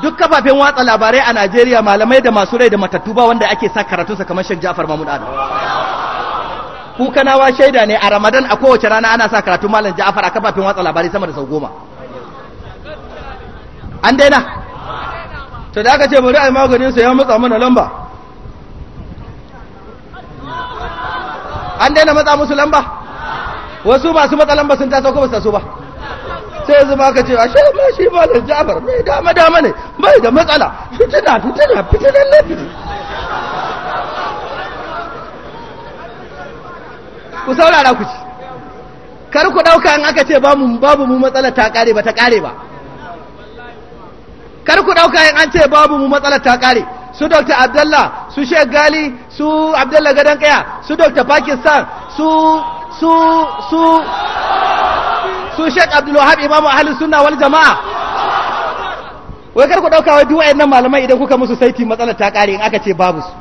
duk kafafen watsa labarai a Najeriya malamai da masu rai da matattu ba wanda ake sa sa kamar Sheikh Ja'far Mahmud Adam kukanawa shaida ne a Ramadan a kowace rana ana sa karatun malam Ja'far a kafafen watsa labarai sama da sau goma an daina to da aka ce bari a yi maganin sa ya matsa mana lamba an daina matsa musu lamba wasu masu matsa lamba sun taso ko ba su taso ba sai yanzu ba ka ce a shi ma shi ba da jafar mai dama dama ne bai da matsala fitina fitina fitinan lafi ku saurara ku ci kar ku ɗauka in aka ce babu mu matsala ta ƙare ba ta ƙare ba kar ku ɗauka in an ce babu mu matsala ta ƙare su dr abdalla su sheikh gali su abdalla gadon kaya su dr pakistan su su su su Sheikh Abdul Wahab imamu ahlus suna wal jama'a wai kar ku dauka wai duk wayannan malamai idan kuka musu saiti matsalar ta kare in aka ce babu su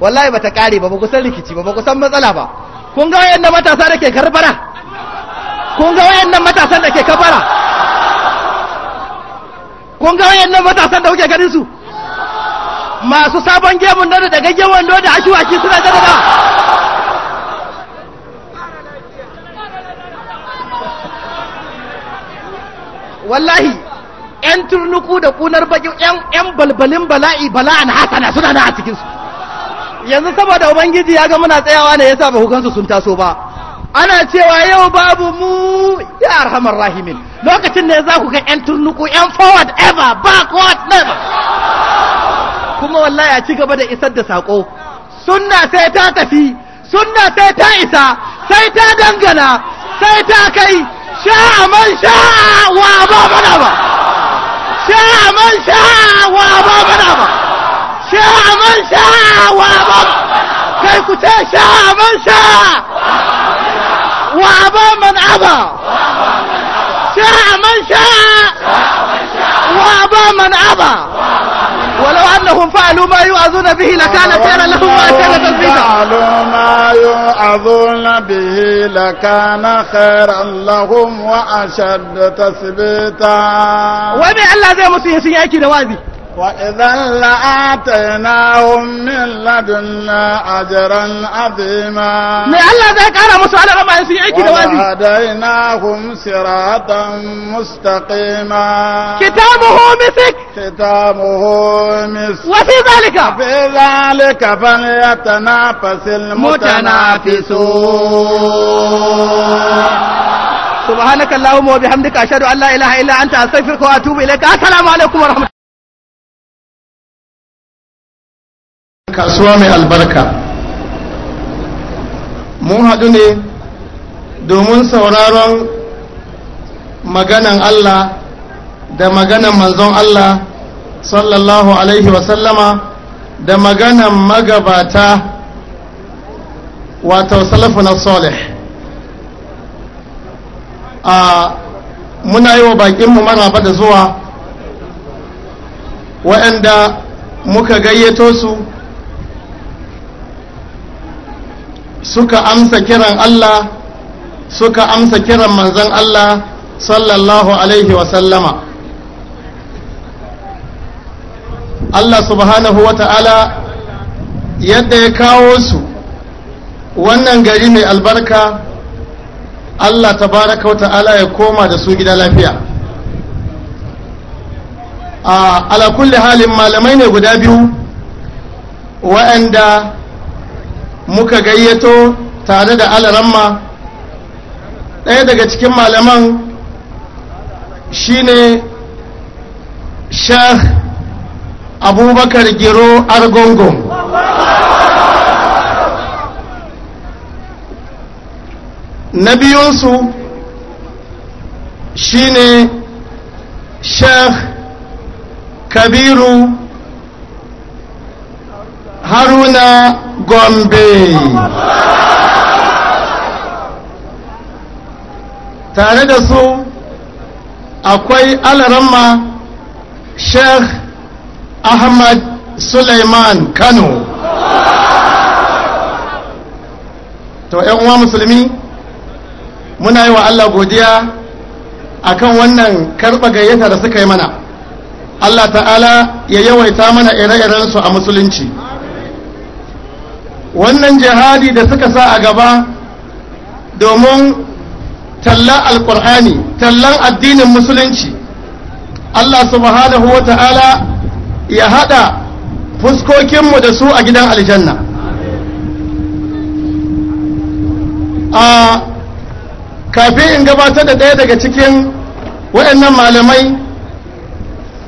wallahi ta kare ba ba ku san rikici ba ba ku san matsala ba kun ga wayannan matasa da ke karbara kun ga wayannan matasan da ke kabara kun ga wayannan matasan da kuke ganin su masu sabon gemun da da gaggen wando da ashiwaki suna da wallahi yan turnuku da kunar bakin yan balbalin bala'i bala'an hasana suna na a cikinsu yanzu saboda ubangiji ya ga muna tsayawa ne yasa ba hukansu sun taso ba ana cewa yau babu mu ya arhamar rahimin lokacin ne za ku ga yan turnuku yan forward ever backward never kuma wallahi a ci gaba da isar da sako sunna sai ta tafi sunna sai ta isa sai ta dangana sai ta kai شاء من شاء وأبى من أبى شاء من شاء وأبى من أبى شاء من شاء وأبى كي كتير شاء من شاء وأبى من أبى شاء من شاء وأبى من أبى ولو أنهم فعلوا ما يؤذون به لكان خيرا لهم وأشد تثبيتا فعلوا ما يؤذون به لكان خيرا لهم وأشد تثبيتا ومن الله زي مسيح سيأتي نوازي وإذا لآتيناهم من لدنا أجرا عظيما ما ذاك أنا مسؤول دوازي وهديناهم صراطا مستقيما كتابه مسك كتابه مسك وفي ذلك وفي ذلك فليتنافس المتنافسون سبحانك اللهم وبحمدك أشهد أن لا إله إلا أنت أستغفرك وأتوب إليك السلام عليكم ورحمة الله kasuwa mai albarka mun haɗu ne domin sauraron maganan Allah da maganan manzon Allah sallallahu alaihi wasallama da maganan magabata wato salafu na soleh a muna yi wa bakinmu maraba da zuwa waɗanda muka gayyato su suka amsa kiran Allah suka amsa kiran manzon Allah sallallahu alaihi wasallama Allah subhanahu ta'ala yadda ya kawo su wannan gari mai albarka Allah tabaraka ta'ala ya koma da su gida lafiya a ala halin malamai ne guda biyu wa'anda. muka gayyato tare da alaramma ɗaya daga cikin malaman shine sheikh abubakar giro argungun na biyunsu shine sheikh kabiru haruna gombe tare da su akwai alaramma sheikh ahmad suleiman kano to uwa musulmi muna yi wa allah godiya akan wannan karɓa gayyata da suka yi mana allah ta'ala ya yawaita mana ire-irensu a musulunci wannan jihadi da suka sa a gaba domin tallan alkur'ani tallan addinin musulunci Allah subhanahu wa ta'ala ya haɗa fuskokinmu da su a gidan aljanna a kafin in gabatar da ɗaya daga cikin waɗannan malamai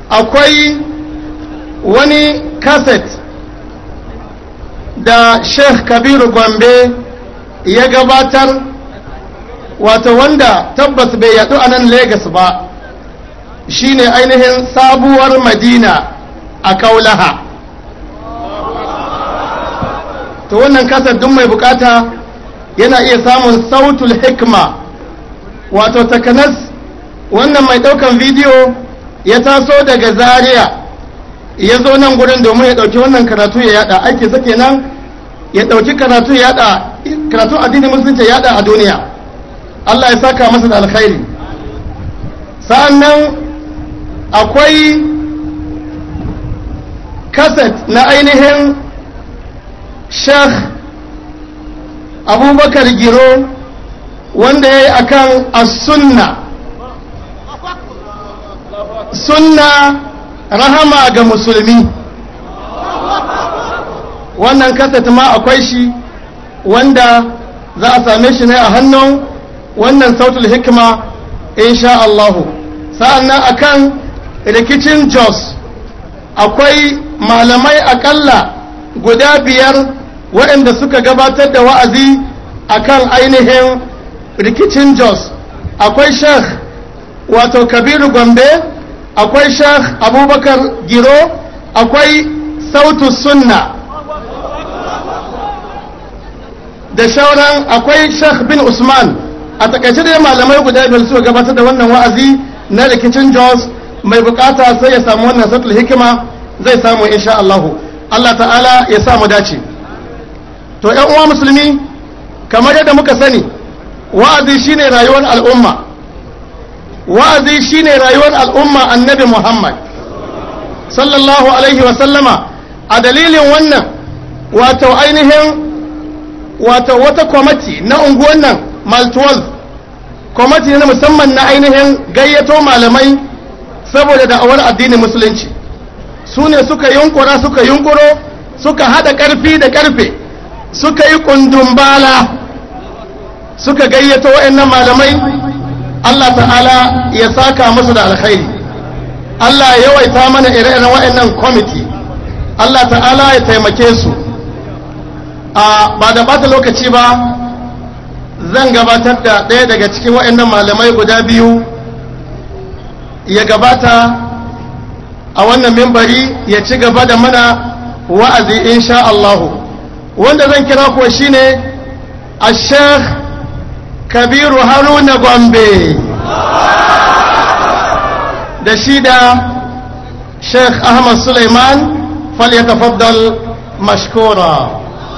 akwai wani kaset da sheikh kabiru gombe ya gabatar wato wanda tabbas bai yadu a nan Legas ba shine ainihin sabuwar madina a kaulaha to wannan kasar duk mai bukata yana iya samun sautul hikma wato takanas wannan mai daukan bidiyo ya taso daga zaria ya zo nan gurin domin ya dauki wannan karatu ya yada aiki sake nan ya ɗauki karatu yada karatun addinin musulunci yada a duniya Allah ya saka masa da alkhairi sa'annan akwai kaset na ainihin sheikh abubakar giro wanda ya yi a kan sunna sunna rahama ga musulmi wannan kaset ma akwai shi wanda za a same shi ne a hannun wannan sautul hikima insha Allahu sa'annan akan rikicin jos akwai malamai akalla guda biyar waɗanda suka gabatar da wa'azi akan ainihin rikicin jos akwai sheikh wato kabiru gombe akwai sheikh abubakar giro akwai sautu sunna da shauran akwai Sheikh bin Usman a takaice dai malamai guda biyar suka gabatar da wannan wa'azi na rikicin Jos mai bukata sai ya samu wannan satul hikima zai samu insha Allah Allah ta'ala ya samu dace to ƴan uwa musulmi kamar yadda muka sani wa'azi shine rayuwar al'umma wa'azi shine rayuwar al'umma annabi Muhammad sallallahu alaihi wa sallama a dalilin wannan wato ainihin wata wata kwamati na unguwan nan maltwal kwamati na musamman na ainihin gayyato malamai saboda da'awar addinin musulunci su ne suka yunkura suka yunkuro suka hada karfi da karfe suka yi kundumbala suka gayyato wa'annan malamai Allah ta'ala ya saka musu da alkhairi Allah ya yawaita mana ire-iren wa'annan kwamiti Allah ta'ala ya taimake su a ba da bata lokaci ba zan gabatar da ɗaya daga cikin waɗannan malamai guda biyu ya gabata a wannan membari ya ci gaba da mana wa'azi insha Allahu wanda zan kira kuwa shine ashekh kabiru haruna gombe da shi da sheikh ahmad suleiman fal ya tafaddal mashkura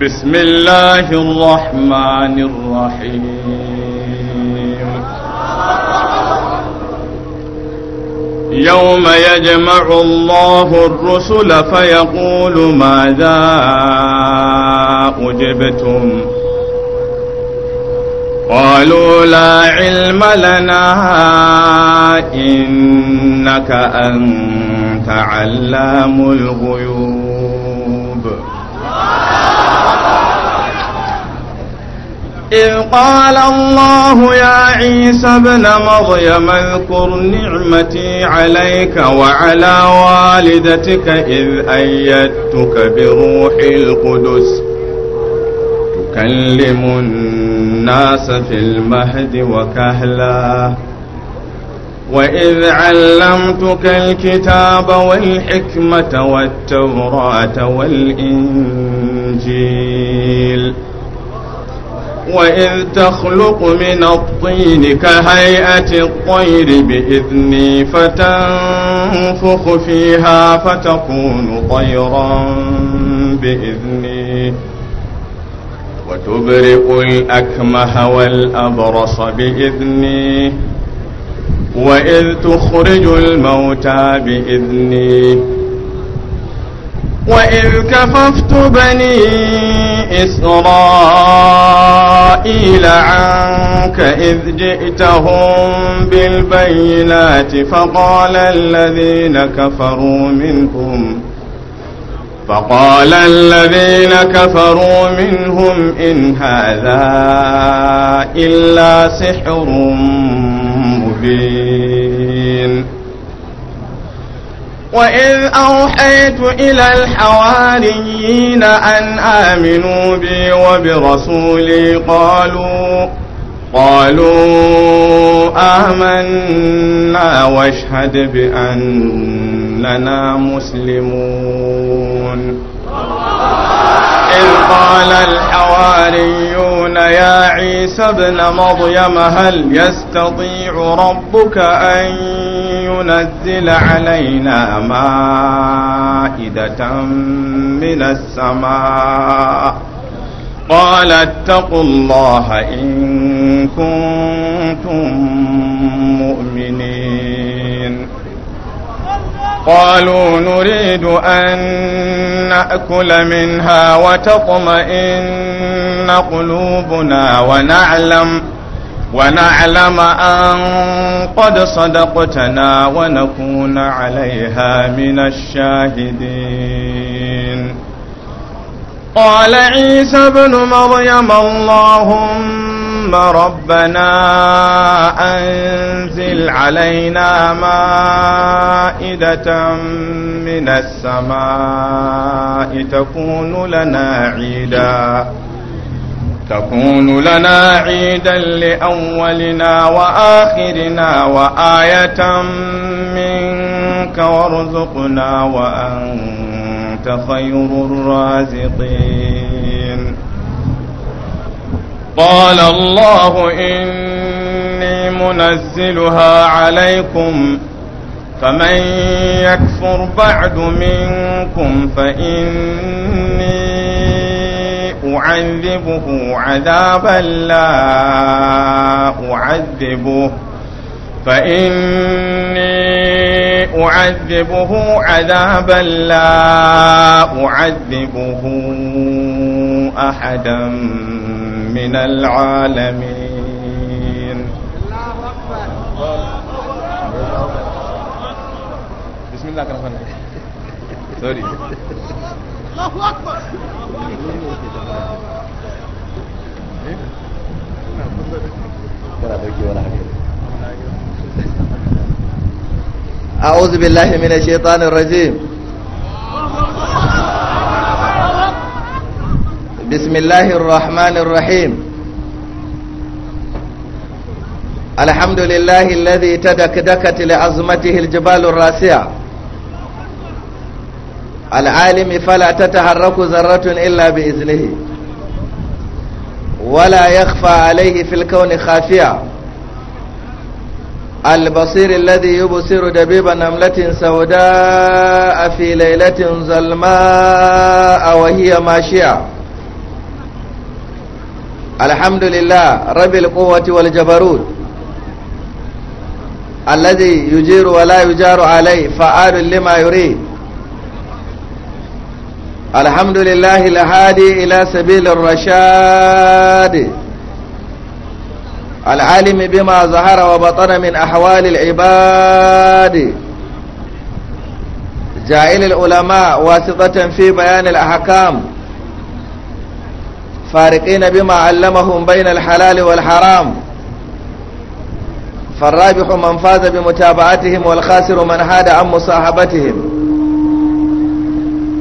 بسم الله الرحمن الرحيم يوم يجمع الله الرسل فيقول ماذا أجبتم قالوا لا علم لنا إنك أنت علام الغيوب إذ قال الله يا عيسى ابن مريم اذكر نعمتي عليك وعلى والدتك إذ أيدتك بروح القدس تكلم الناس في المهد وكهلا وإذ علمتك الكتاب والحكمة والتوراة والإنجيل وإذ تخلق من الطين كهيئة الطير بإذني فتنفخ فيها فتكون طيرا بإذني وتبرئ الأكمه والأبرص بإذني وإذ تخرج الموتى بإذني وإذ كففت بني إسرائيل عنك إذ جئتهم بالبينات فقال الذين كفروا منهم فقال الذين كفروا منهم إن هذا إلا سحر مبين وإذ أوحيت إلى الحواريين أن آمنوا بي وبرسولي قالوا قالوا آمنا واشهد بأننا مسلمون إذ قال الحواريون يا عيسى ابن مريم هل يستطيع ربك أن ينزل علينا مائدة من السماء قال اتقوا الله إن كنتم مؤمنين قالوا نريد أن نأكل منها وتطمئن قلوبنا ونعلم ونعلم ونعلم أن قد صدقتنا ونكون عليها من الشاهدين قال عيسى ابن مريم اللهم ربنا أنزل علينا مائدة من السماء تكون لنا عيداً تكون لنا عيدا لأولنا وآخرنا وآية منك وارزقنا وأنت خير الرازقين قال الله إني منزلها عليكم فمن يكفر بعد منكم فإني أعذبه عذابا لا أعذبه فإني أعذبه عذابا لا أعذبه أحدا من العالمين بسم الله الرحمن الرحيم سوري الله اكبر أعوذ بالله من الشيطان الرجيم بسم الله الرحمن الرحيم الحمد لله الذي تدكدكت لعظمته الجبال الراسعه العالم فلا تتحرك ذرة إلا بإذنه ولا يخفى عليه في الكون خافية البصير الذي يبصر دبيب نملة سوداء في ليلة ظلماء وهي ماشية الحمد لله رب القوة والجبروت الذي يجير ولا يجار عليه فعال لما يريد الحمد لله الهادي إلى سبيل الرشاد العالم بما ظهر وبطن من أحوال العباد جائل العلماء واسطة في بيان الأحكام فارقين بما علمهم بين الحلال والحرام فالرابح من فاز بمتابعتهم والخاسر من هاد عن مصاحبتهم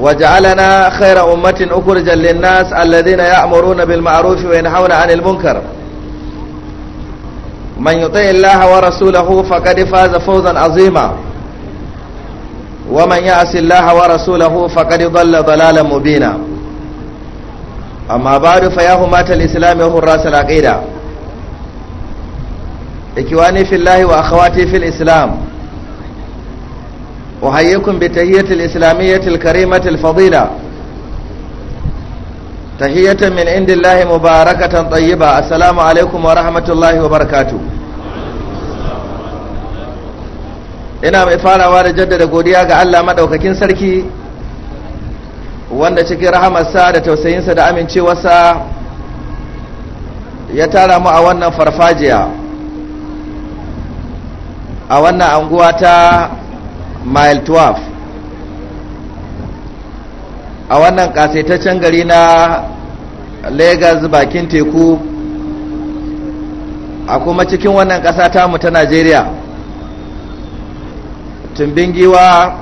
وجعلنا خير أمة أخرجا للناس الذين يأمرون بالمعروف وينهون عن المنكر من يطع الله ورسوله فقد فاز فوزا عظيما ومن يعص الله ورسوله فقد ضل ضلالا مبينا أما بعد فيا همة الإسلام وحراس العقيدة إخواني في الله وأخواتي في الإسلام أحييكم بتهية الإسلامية الكريمة الفضيلة تهية من عند الله مباركة طيبة السلام عليكم ورحمة الله وبركاته ina mai farawa da jaddada godiya ga Allah madaukakin sarki wanda cikin rahamarsa da tausayinsa da amincewarsa ya tara mu a wannan farfajiya a wannan anguwa ta mile 12 a wannan kasaitaccen gari na Legas bakin teku a kuma cikin wannan ƙasa tamu ta najeriya tumbin giwa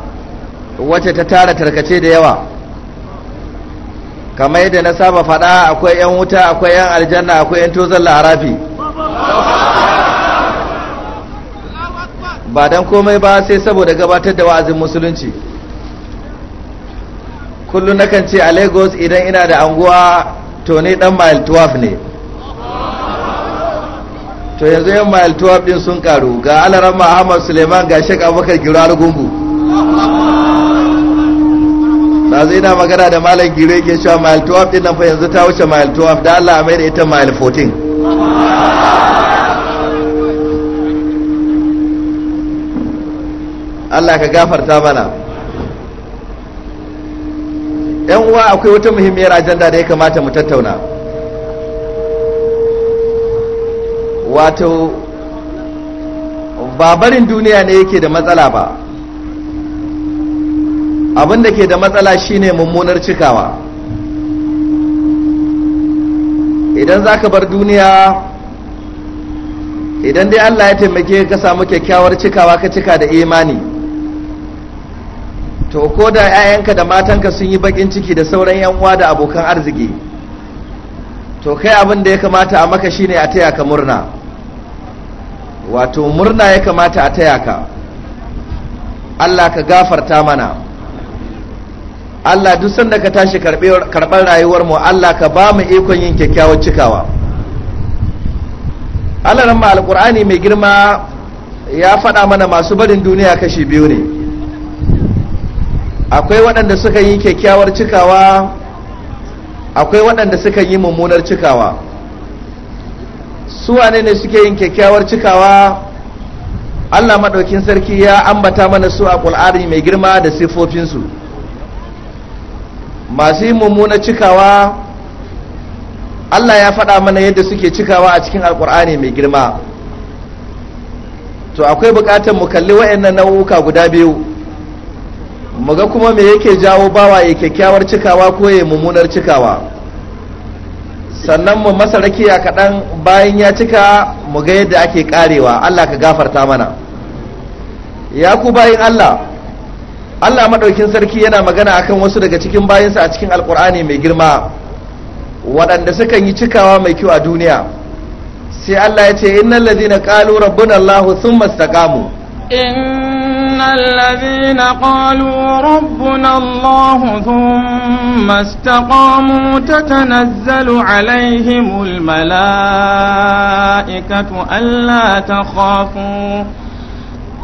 wacce ta tara tarkace da yawa kamar yadda na saba faɗa akwai 'yan wuta akwai 'yan aljanna akwai 'yan tozon larafi ba don komai ba sai saboda gabatar da wa'azin musulunci kullum nakan ce a lagos idan ina da anguwa to ne dan mile 12 ne to yanzu yan mile 12 din sun karu ga alarama ahmad suleiman ga shek abubakar girar gungu ba zai na magana da malam gire ke a mile 12 din nan fa yanzu ta wuce mile 12 da allah mai da ita mile 14 Allah ka gafarta mana yan uwa akwai wata muhimmiyar ajanda da ya kamata mu tattauna wato babarin duniya ne yake da matsala ba abin da ke da matsala shine mummunar cikawa idan za ka bar duniya idan dai Allah ya taimake ka samu kyakkyawar cikawa ka cika da imani to ko da 'ya'yanka da matanka sun yi bakin ciki da sauran 'yan uwa da abokan arziki to kai abin da ya kamata a maka shine a taya ka murna wato murna ya kamata a taya ka Allah ka gafarta mana Allah duk sanda ka tashi karɓar rayuwar mu Allah ka ba mu ikon yin kyakkyawar cikawa Allah ran ma alƙur'ani mai girma ya faɗa mana masu barin duniya kashi biyu ne akwai waɗanda suka yi kyakkyawar cikawa akwai waɗanda suka yi mummunar cikawa su wane ne suke yin kyakkyawar cikawa allah maɗaukin sarki ya ambata mana su a ƙul'ari mai girma da sifofinsu masu yi mummunar cikawa allah ya faɗa mana yadda suke cikawa a cikin alƙul'ari mai girma to akwai buƙatar mu kalli waɗannan nau'uka guda biyu muga kuma me yake jawo bawa ya kyakkyawar cikawa ko ya mummunar cikawa sannan mu masa rakiya kaɗan bayan ya cika mu ga yadda ake karewa Allah ka gafarta mana ya ku bayan Allah Allah maɗaukin sarki yana magana akan wasu daga cikin bayinsa a cikin alkur'ani mai girma waɗanda sukan yi cikawa mai kyau a duniya sai Allah ya ce innal ladina ƙalu rabbin Allah sun mu. إن الذين قالوا ربنا الله ثم استقاموا تتنزل عليهم الملائكة ألا تخافوا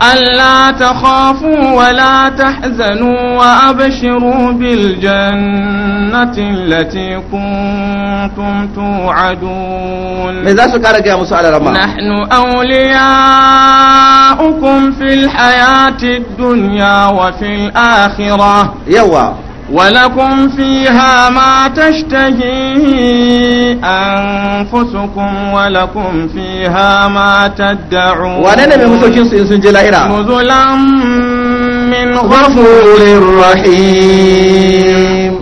ألا تخافوا ولا تحزنوا وأبشروا بالجنة التي كنتم توعدون نحن أولياؤكم في الحياة الدنيا وفي الآخرة يوا ولكم فيها ما تشتهي أنفسكم ولكم فيها ما تدعون نزلا من غفور رحيم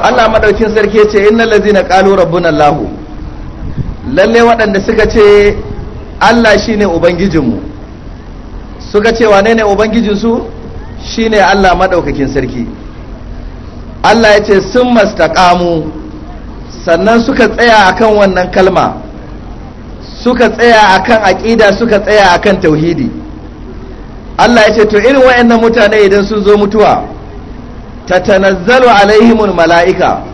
Allah madaukin sarki ya ce innal ladzina qalu rabbuna Allah lalle waɗanda suka ce Allah shine ubangijinmu suka ce wane ne ubangijinsu shine Allah maɗaukakin sarki Allah ya ce sun mastaƙamu sannan suka tsaya akan wannan kalma suka tsaya akan aƙida suka tsaya akan tauhidi Allah ya ce to irin wayannan mutane idan sun zo mutuwa ta tatanazzalu alaihimul mala'ika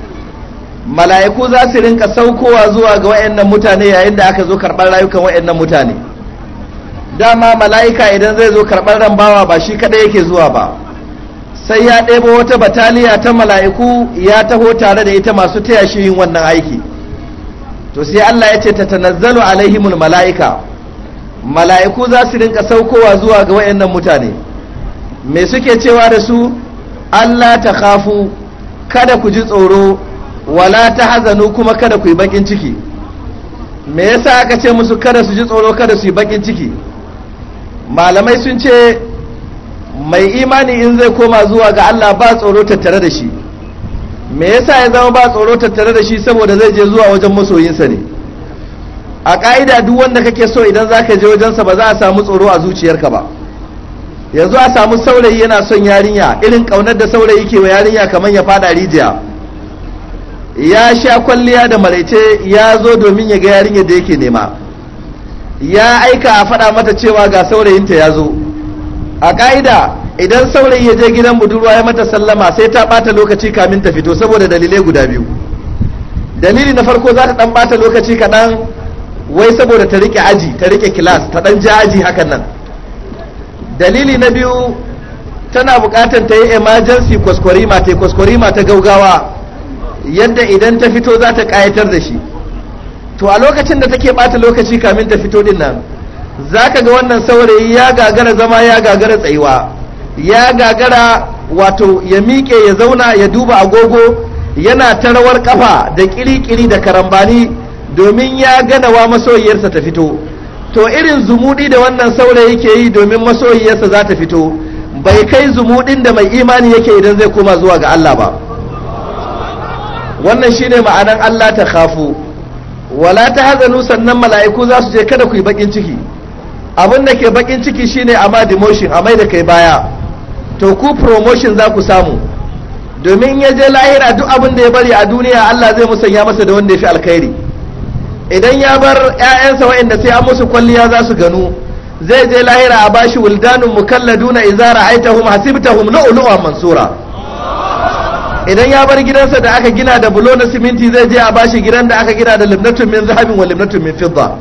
mala'iku za su rinka saukowa zuwa ga wayannan mutane yayin da aka zo karɓar rayukan wayannan mutane dama mala'ika idan zai zo karɓar ran ba shi kaɗai yake zuwa ba sai ya ɗebo wata bataliya ta mala'iku ya taho tare da ita masu taya shi yin wannan aiki to sai Allah ya ce ta tanazzalu alaihimul mala'ika mala'iku za su rinka saukowa zuwa ga wayannan mutane me suke cewa da su Allah ta khafu kada ku ji tsoro wala ta hazanu kuma kada ku yi bakin ciki me yasa aka ce musu kada su ji tsoro kada su yi bakin ciki malamai sun ce mai imani in zai koma zuwa ga Allah ba tsoro tattare da shi me yasa ya zama ba tsoro tattare da shi saboda zai je zuwa wajen masoyinsa ne a ƙa'ida duk wanda kake so idan za ka je wajensa ba za a samu tsoro a zuciyarka ba yanzu a samu saurayi yana son yarinya irin ƙaunar da saurayi ke wa yarinya kamar ya fada rijiya ya sha kwalliya da maraice ya zo domin ya ga yarinya da yake nema ya aika a faɗa mata cewa ga saurayinta ya zo a ƙa'ida idan saurayi ya je gidan budurwa ya mata sallama sai ta ɓata lokaci kamin ta fito saboda dalilai guda biyu dalili na farko za ta ɗan ɓata lokaci kaɗan wai saboda ta riƙe aji ta riƙe kilas ta ɗan ja aji hakan nan dalili na biyu tana buƙatar ta yi emergency kwaskwarima ta kwaskwarima ta gaugawa yadda idan ta fito za ta ƙayatar da shi to a lokacin da take bata lokaci kamin ta fito din nan zaka ga wannan saurayi ya gagara zama ya gagara tsayuwa ya gagara wato ya miƙe ya zauna ya duba agogo yana ta rawar kafa da kirikiri da karambani domin ya ganawa masoyiyarsa ta fito to irin zumudi da wannan saurayi ke yi domin masoyiyarsa za ta fito bai kai zumudin da mai imani yake idan zai koma zuwa ga Allah ba wannan shine ma'anar Allah ta khafu wala ta hazanu sannan mala'iku za su je kada ku yi bakin ciki abin da ke bakin ciki shine a ma demotion a mai da kai baya to ku promotion za ku samu domin ya je lahira duk abin da ya bari a duniya Allah zai musanya masa da wanda ya fi alkhairi idan ya bar ƴaƴansa waɗanda sai an musu kwalliya za su ganu zai je lahira a bashi wuldanun mukalladuna idza ra'aitahum hasibtahum lu'lu'an mansura idan ya bar gidansa da aka gina da bulo na siminti zai je a bashi gidan da aka gina da limnatun min zahabin wa limnatun min fidda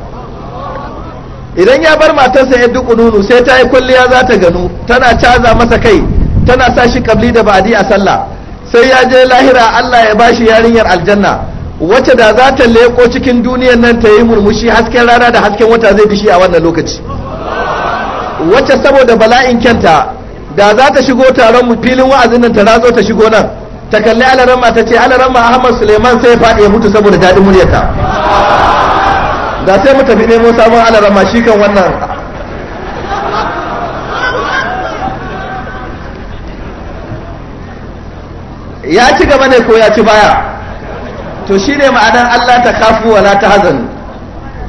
idan ya bar matarsa ya duk nunu sai ta yi kwalliya za ta gano tana caza masa kai tana sa shi kabli da ba'adi a sallah sai ya je lahira Allah ya bashi yarinyar aljanna wacce da za ta leko cikin duniyar nan ta yi murmushi hasken rana da hasken wata zai bishi a wannan lokaci wacce saboda bala'in kyanta da za ta shigo taron filin wa'azin nan ta razo ta shigo nan ta kalli alarama ta ce alarama ahmad suleiman sai ya faɗi ya mutu saboda daɗin muryarta da sai mu tafi nemo sabon alarama shi kan wannan ya ci gaba ne ko ya ci baya to shi ne ma'anar allah ta kafu wala ta hazanu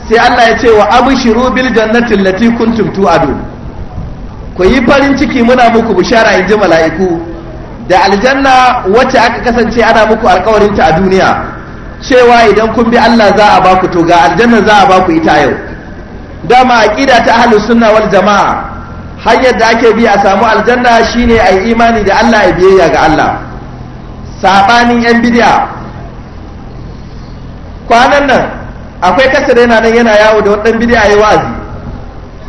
sai allah ya ce wa shiru bil jannatin lati kuntum tu'adun ku yi farin ciki muna muku bishara in ji mala'iku da aljanna wacce aka kasance ana muku alkawarin ta a duniya cewa idan kun bi Allah za a baku to ga aljanna za a baku ita yau dama aqida ta ahlus sunna wal jamaa hanyar da ake bi a samu aljanna shine ai imani da Allah ya biyayya ga Allah sabanin yan bidiya. kwanan nan akwai kasar yana nan yana yawo da wadannan bid'a yayi wazi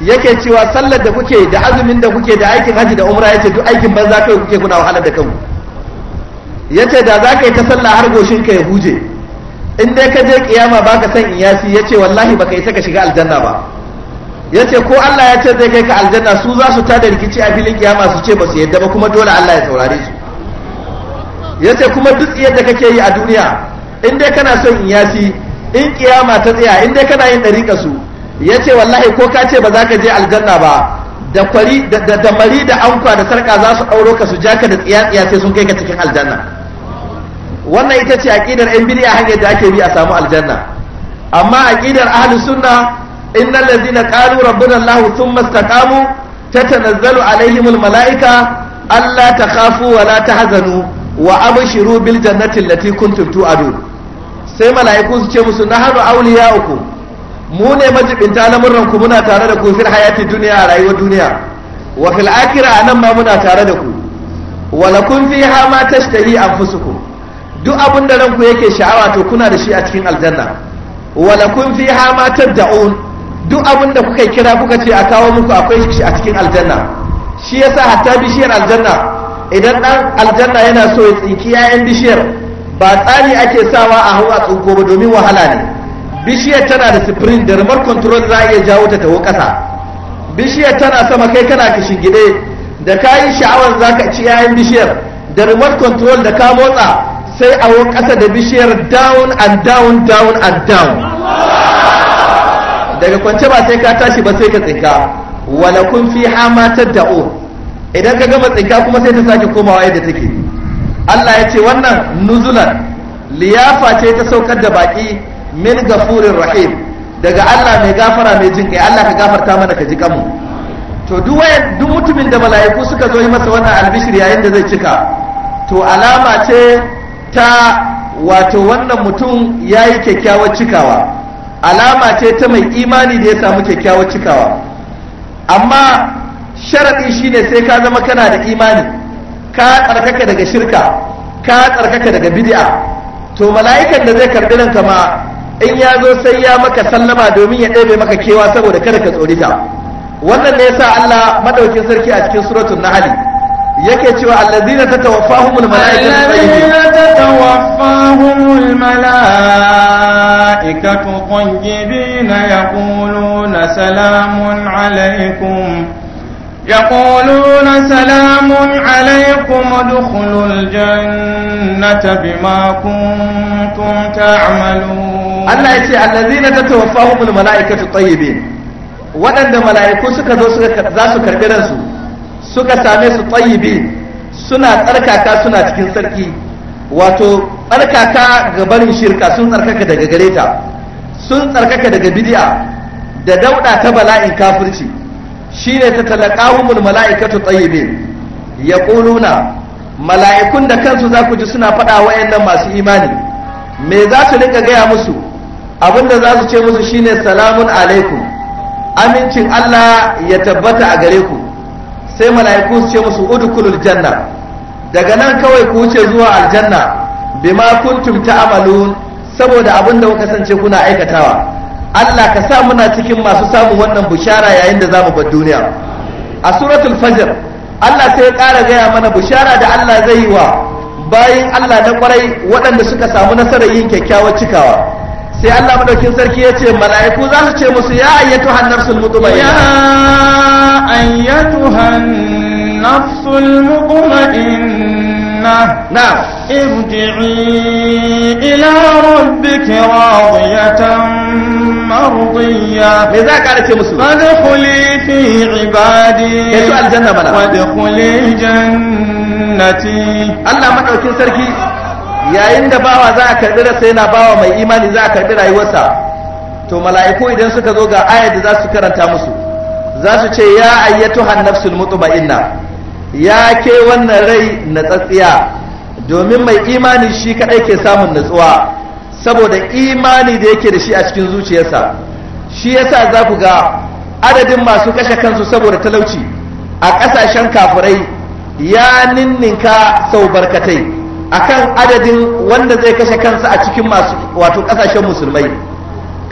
yake cewa sallar da kuke da azumin da kuke da aikin haji da umra yace duk aikin banza kai kuke kuna wahalar da kanku yace da za ka yi ta sallah har goshin ka ya huje in dai ka je kiyama baka san iyasi yace wallahi baka isa ka shiga aljanna ba yace ko Allah ya ce zai kai ka aljanna su za su tada rikici a filin kiyama su ce ba su yadda ba kuma dole Allah ya saurare su yace kuma duk tsiyar da kake yi a duniya in dai kana son iyasi in kiyama ta tsaya in dai kana yin dariƙa su ya ce wallahi ko ka ce ba za ka je aljanna ba da kwari da da mari da anka da sarka za su auro ka su ja ka da tsiya tsiya sai sun kai ka cikin aljanna wannan ita ce aqidar yan bid'a hanyar da ake bi a samu aljanna amma aqidar ahli sunna innal ladina qalu rabbuna allah thumma istaqamu tatanazzalu alaihimul malaika alla takhafu wa la tahzanu wa abshiru bil jannati allati kuntum tu'adun sai mala'iku su ce musu nahnu awliya'ukum mu ne majibinta lamurran ku muna tare da ku fil hayati duniya a rayuwar duniya wa fil akhirah anan ma muna tare da ku wa lakum fiha ma tashtahi anfusukum duk abin da ranku yake sha'awa to kuna da shi a cikin aljanna wa lakum fiha ma tad'un duk abin da kuka kira kuka ce a kawo muku akwai shi a cikin aljanna shi yasa hatta bishiyar aljanna idan dan aljanna yana so ya tsinki yayan bishiyar ba tsari ake sawa a hawa tsinko ba domin wahala ne bishiyar tana da spring da remote control za a iya jawo ta taho ƙasa bishiyar tana sama kai kana ka shingide da ka yi sha'awar za ka ci yayin bishiyar da remote control da ka motsa sai a wo ƙasa da bishiyar down and down down and down daga kwance ba sai ka tashi ba sai ka tsinka wala kun fi hama ta da'o idan ka gama tsinka kuma sai ta sake komawa yadda take Allah ya ce wannan nuzulan liyafa ce ta saukar da baki min gafurin rahim daga Allah mai gafara mai jin kai Allah ka gafarta mana ka ji kamu to duk duk mutumin da mala'iku suka zo yi masa wannan albishir yayin da zai cika to alama ce ta wato wannan mutum yayi kyakkyawar cikawa alama ce ta mai imani da ya samu kyakkyawar cikawa amma sharaɗi shine sai ka zama kana da imani ka tsarkaka daga shirka ka tsarkaka daga bid'a to mala'ikan da zai karɓi ranka ma in ya zo sai ya maka sallama domin ya ɗebe maka kewa saboda kada ka tsorita wannan ne yasa Allah madaukin sarki a cikin suratul nahl yake cewa allazina tatawaffahumul malaikatu tayyibina yaquluna salamun alaikum يقولون سلام عليكم ادخلوا الجنة بما كنتم تعملون Allah ya ce allazina tatawaffahumul malaikatu tayyibin waɗanda mala'iku suka zo za su karɓi ransu suka same su tayyibi suna tsarkaka suna cikin sarki wato tsarkaka ga barin shirka sun tsarkaka daga gareta sun tsarkaka daga bid'a da dauda ta bala'in kafirci shine ta talaqahumul malaikatu tayyibin yaquluna mala'ikun da kansu za ku ji suna faɗa wa'annan masu imani me za su dinga gaya musu abinda za su ce musu shine salamun alaikum amincin Allah ya tabbata a gare ku sai mala'iku su ce musu udkhulul janna daga nan kawai ku wuce zuwa aljanna bima kuntum ta'malun saboda abinda kuka sance kuna aikatawa Allah ka sa muna cikin masu samun wannan bushara yayin da za mu bar duniya a suratul fajr Allah sai ya ƙara gaya mana bushara da Allah zai yi wa bayin Allah na kwarai waɗanda suka samu nasarar yin kyakkyawar cikawa sai Allah madaukin sarki ya ce mala'iku za su ce musu ya ayyatu hannarsul mutumai ya ayyatu hannarsul mutumai na irji'i ila rabbiki radiyatan mardiya me za ka ce musu fadkhuli fi ibadi yanzu aljanna bana fadkhuli jannati Allah madaukin sarki yayin da bawa za a karbi rasa yana bawa mai imani za a karbi rayuwarsa to mala'iku idan suka zo ga ayat da za su karanta musu za su ce ya ayyatu hannafsul mutma'inna ya ke wannan rai na natsatsiya domin mai imani shi kadai ke samun natsuwa saboda imani da yake da shi a cikin zuciyarsa shi yasa za ku ga adadin masu kashe kansu saboda talauci a ƙasashen kafurai, ya ninninka sau barkatai akan adadin wanda zai kashe kansa a cikin masu wato kasashen musulmai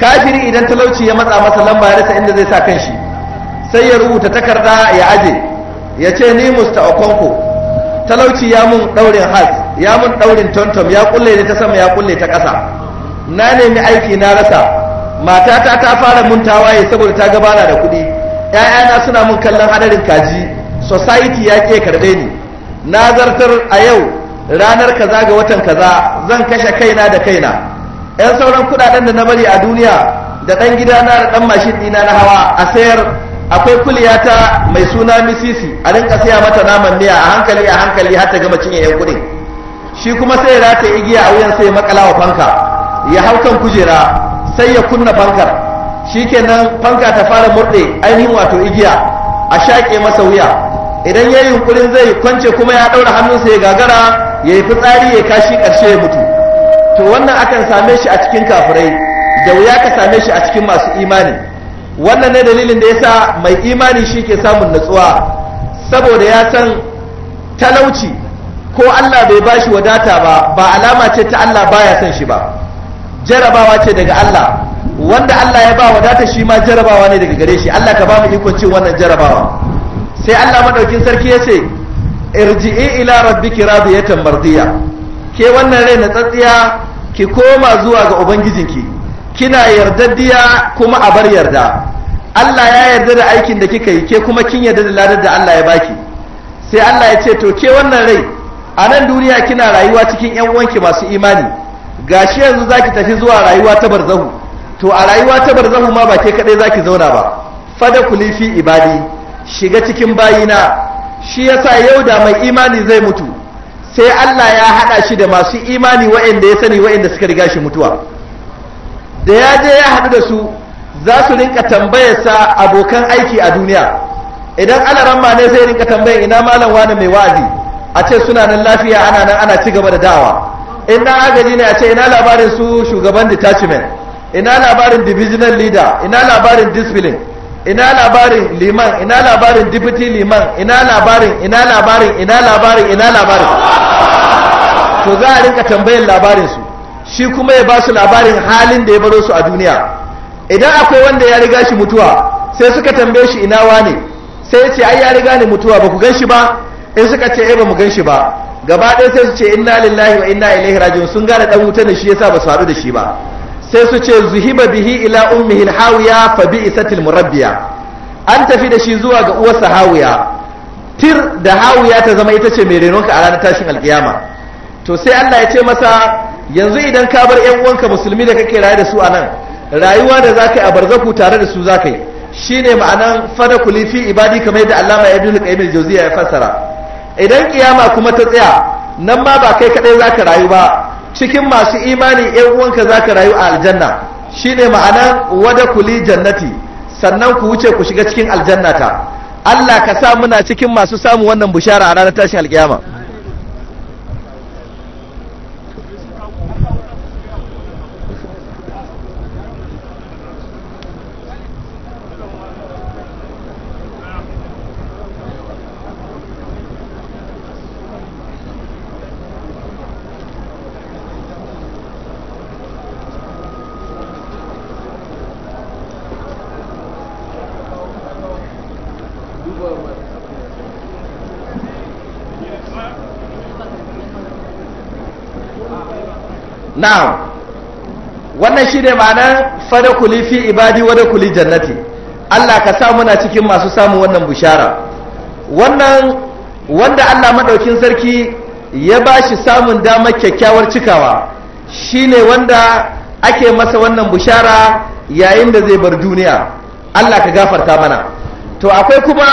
kafiri idan talauci ya matsa masa lamba ya rasa inda zai sa kanshi sai ya rubuta takarda ya aje ya ce ni musta okonko talauci ya mun daurin has ya mun daurin tontom ya kulle ne ta sama ya kulle ta kasa na nemi aiki na rasa matata ta fara mun tawaye saboda ta gabana da kuɗi ƴaƴana suna mun kallon hadarin kaji society ya ke karɓe ni na zartar a yau ranar kaza ga watan kaza zan kashe kaina da kaina yan sauran kudaden da na bari a duniya da dan gidana da ɗan mashin dina na hawa a sayar akwai kuliyata mai suna misisi a rinka saya mata naman miya a hankali a hankali har ta gama cinye yan kudin shi kuma sai ya rataye igiya a wuyan sai ya makala wa fanka ya hau kan kujera sai ya kunna fankar Shi shikenan fanka ta fara murɗe ainihin wato igiya a shaƙe masa wuya idan ya yi yunkurin zai kwance kuma ya ɗaura hannunsa ya gagara ya yi fitsari ya kashi ƙarshe ya mutu to wannan akan same shi a cikin kafirai da wuya ka same shi a cikin masu imani wannan ne dalilin da ya sa mai imani shi ke samun natsuwa saboda ya san talauci ko Allah bai bashi wadata ba ba alama ce ta Allah baya son shi ba jarabawa ce daga Allah wanda Allah ya ba wadata shi ma jarabawa ne daga gare shi Allah ka ba mu ikon cin wannan jarabawa sai Allah maɗaukin sarki ya ce irji'i ila rabbiki radiyatan mardiya ke wannan rai na tsatsiya ki koma zuwa ga ubangijinki kina yardaddiya kuma a bar yarda Allah ya yarda da aikin da kika yi ke kuma kin yarda da ladar da Allah ya baki sai Allah ya ce to ke wannan rai a nan duniya kina rayuwa cikin yan uwanki masu imani gashi yanzu zaki tafi zuwa rayuwa ta barzahu to a rayuwa ta barzahu ma ba ke kadai zaki zauna ba fada kulifi ibadi shiga cikin bayina shi yasa yau da mai imani zai mutu sai Allah ya haɗa shi da masu imani waɗanda ya sani waɗanda suka riga shi mutuwa da ya je ya haɗu da su za su rinka tambayarsa abokan aiki a duniya idan ramma ne sai rinka tambayar ina malam wani mai wa'azi a ce suna nan lafiya ana nan ana ci gaba da da'awa. in na agaji ne a ce ina labarin su shugaban detachment ina labarin divisional leader ina labarin discipline ina labarin liman ina labarin dipiti liman ina labarin ina labarin ina labarin ina labarin to za a rinka tambayin labarin su shi kuma ya ba su labarin halin da ya baro su a duniya idan akwai wanda ya riga shi mutuwa sai suka tambaye shi ina wane sai ya ce ai ya riga ni mutuwa ba ku gan shi ba in suka ce ai eh, ba mu gan shi ba gaba ɗaya sai su ce inna lillahi wa inna ilaihi raji'un sun gane dan wuta ne shi yasa ba su haɗu da shi ba sai su ce zuhiba bihi ila ummihi hawiya fa bi'isatil murabbiya an tafi da shi zuwa ga uwarsa hawiya tir da hawiya ta zama ita ce mai renonka a ranar tashin alkiyama to sai Allah ya ce masa yanzu idan ka bar yan uwanka musulmi da kake raye da su anan, rayuwa da zaka yi a barzaku tare da su zaka yi shine ma'anan fada kulifi ibadi kamar yadda Allama ya Qayyim al-Jawziyya ya fassara idan kiyama kuma ta tsaya nan ma ba kai kadai zaka rayu ba cikin masu imani yan uwanka za ka rayu a aljanna shine ma'ana wada kuli jannati sannan ku wuce ku shiga cikin aljannata Allah ka sa muna cikin masu samun wannan bushara a ranar tashin alƙiyama. na'am wannan shi ne fada kuli fi ibadi wada kuli jannati Allah ka sa muna cikin masu samun wannan bushara wannan wanda Allah maɗaukin sarki ya ba shi samun damar kyakkyawar cikawa shi ne wanda ake masa wannan bushara yayin da zai bar duniya Allah ka gafarta mana to akwai kuma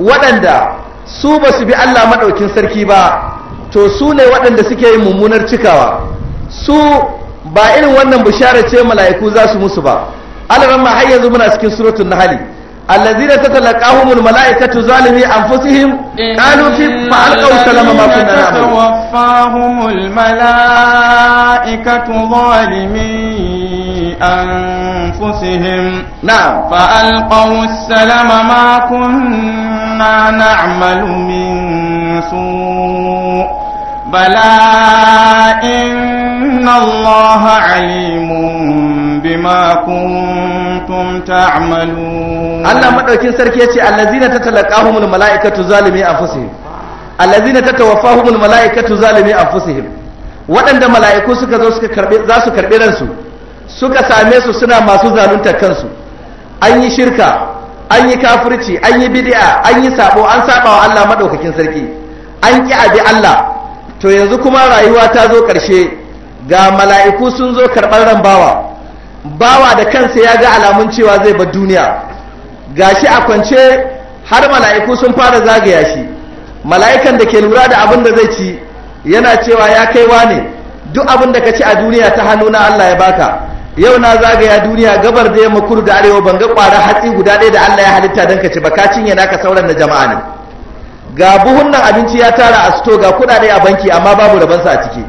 waɗanda su ba su bi Allah maɗaukin sarki ba to su ne waɗanda suke yin mummunar cikawa su ba irin wannan bishara ce mala'iku za su musu ba alaran ma har yanzu muna cikin suratul nahl ta tatalaqahumul mala'ikatu zalimi anfusihim qalu fi fa'alqaw salama ma kunna na'mal tawaffahumul mala'ikatu zalimi anfusihim na'am salama ma kunna na'malu min su' تعملون الله مدوكين سركي يتي الذين waɗanda mala'iku suka zo za su karɓi ransu suka same su suna masu zalunta kansu an yi shirka an yi kafirci an yi bid'a an yi sabo an saba wa Allah maɗaukakin sarki an ki abi Allah to yanzu kuma rayuwa ta zo ƙarshe ga mala'iku sun zo karɓar ran bawa bawa da kansa ya ga alamun cewa zai bar duniya gashi a kwance har mala'iku sun fara zagaya shi mala'ikan da ke lura da abin da zai ci yana cewa ya kaiwa ne duk abin da ka ci a duniya ta hannu na Allah ya baka yau na zagaya duniya gabar da yamma kudu da arewa ban ga kwara hatsi guda ɗaya da Allah ya halitta don ka ci ba ka cinye naka sauran na jama'a ne ga buhun nan abinci ya tara a sito ga kuɗaɗe a banki amma babu rabansa a ciki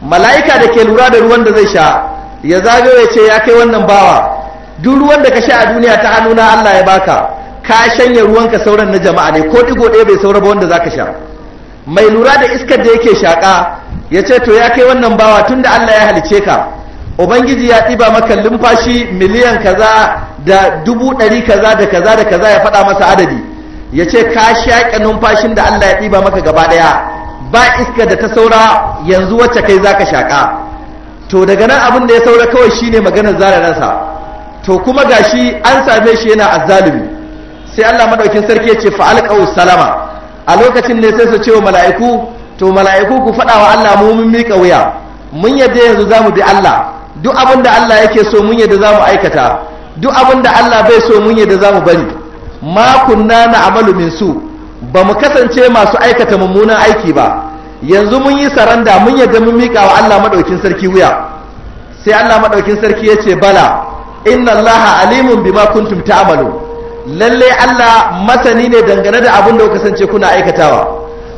mala'ika da ke lura da ruwan da zai sha ya zago ya ce ya kai wannan bawa duk ruwan da ka sha a duniya ta hannu Allah ya baka ka shanye ruwanka sauran na jama'a ne ko digo ɗaya bai saura ba wanda zaka sha mai lura da iskar da yake shaka ya ce to ya kai wannan bawa tunda Allah ya halice ka ubangiji ya tsiba maka lumfashi miliyan kaza da dubu ɗari kaza da kaza da kaza ya faɗa masa adadi ya ce ka shaƙe numfashin da Allah ya ɗiba maka gaba ɗaya ba iska da ta saura yanzu wacce kai zaka shaƙa to daga nan abin da ya saura kawai shine maganar zara nasa to kuma gashi an same shi yana azzalumi sai Allah madaukin sarki ya ce fa alqaw salama a lokacin ne sai su ce wa mala'iku to mala'iku ku faɗa wa Allah mu mun mika wuya mun yadda yanzu zamu bi Allah duk abin da Allah yake so mun yadda zamu aikata duk abin da Allah bai so mun yadda zamu bari ma kunna na amalu min su ba mu kasance masu aikata mummunan aiki ba yanzu mun yi saranda mun yadda mun miƙa wa Allah maɗaukin sarki wuya sai Allah maɗaukin sarki ya ce bala inna Allah alimun bima kuntum ta'malu lalle Allah masani ne dangane da abin da kuka kasance kuna aikatawa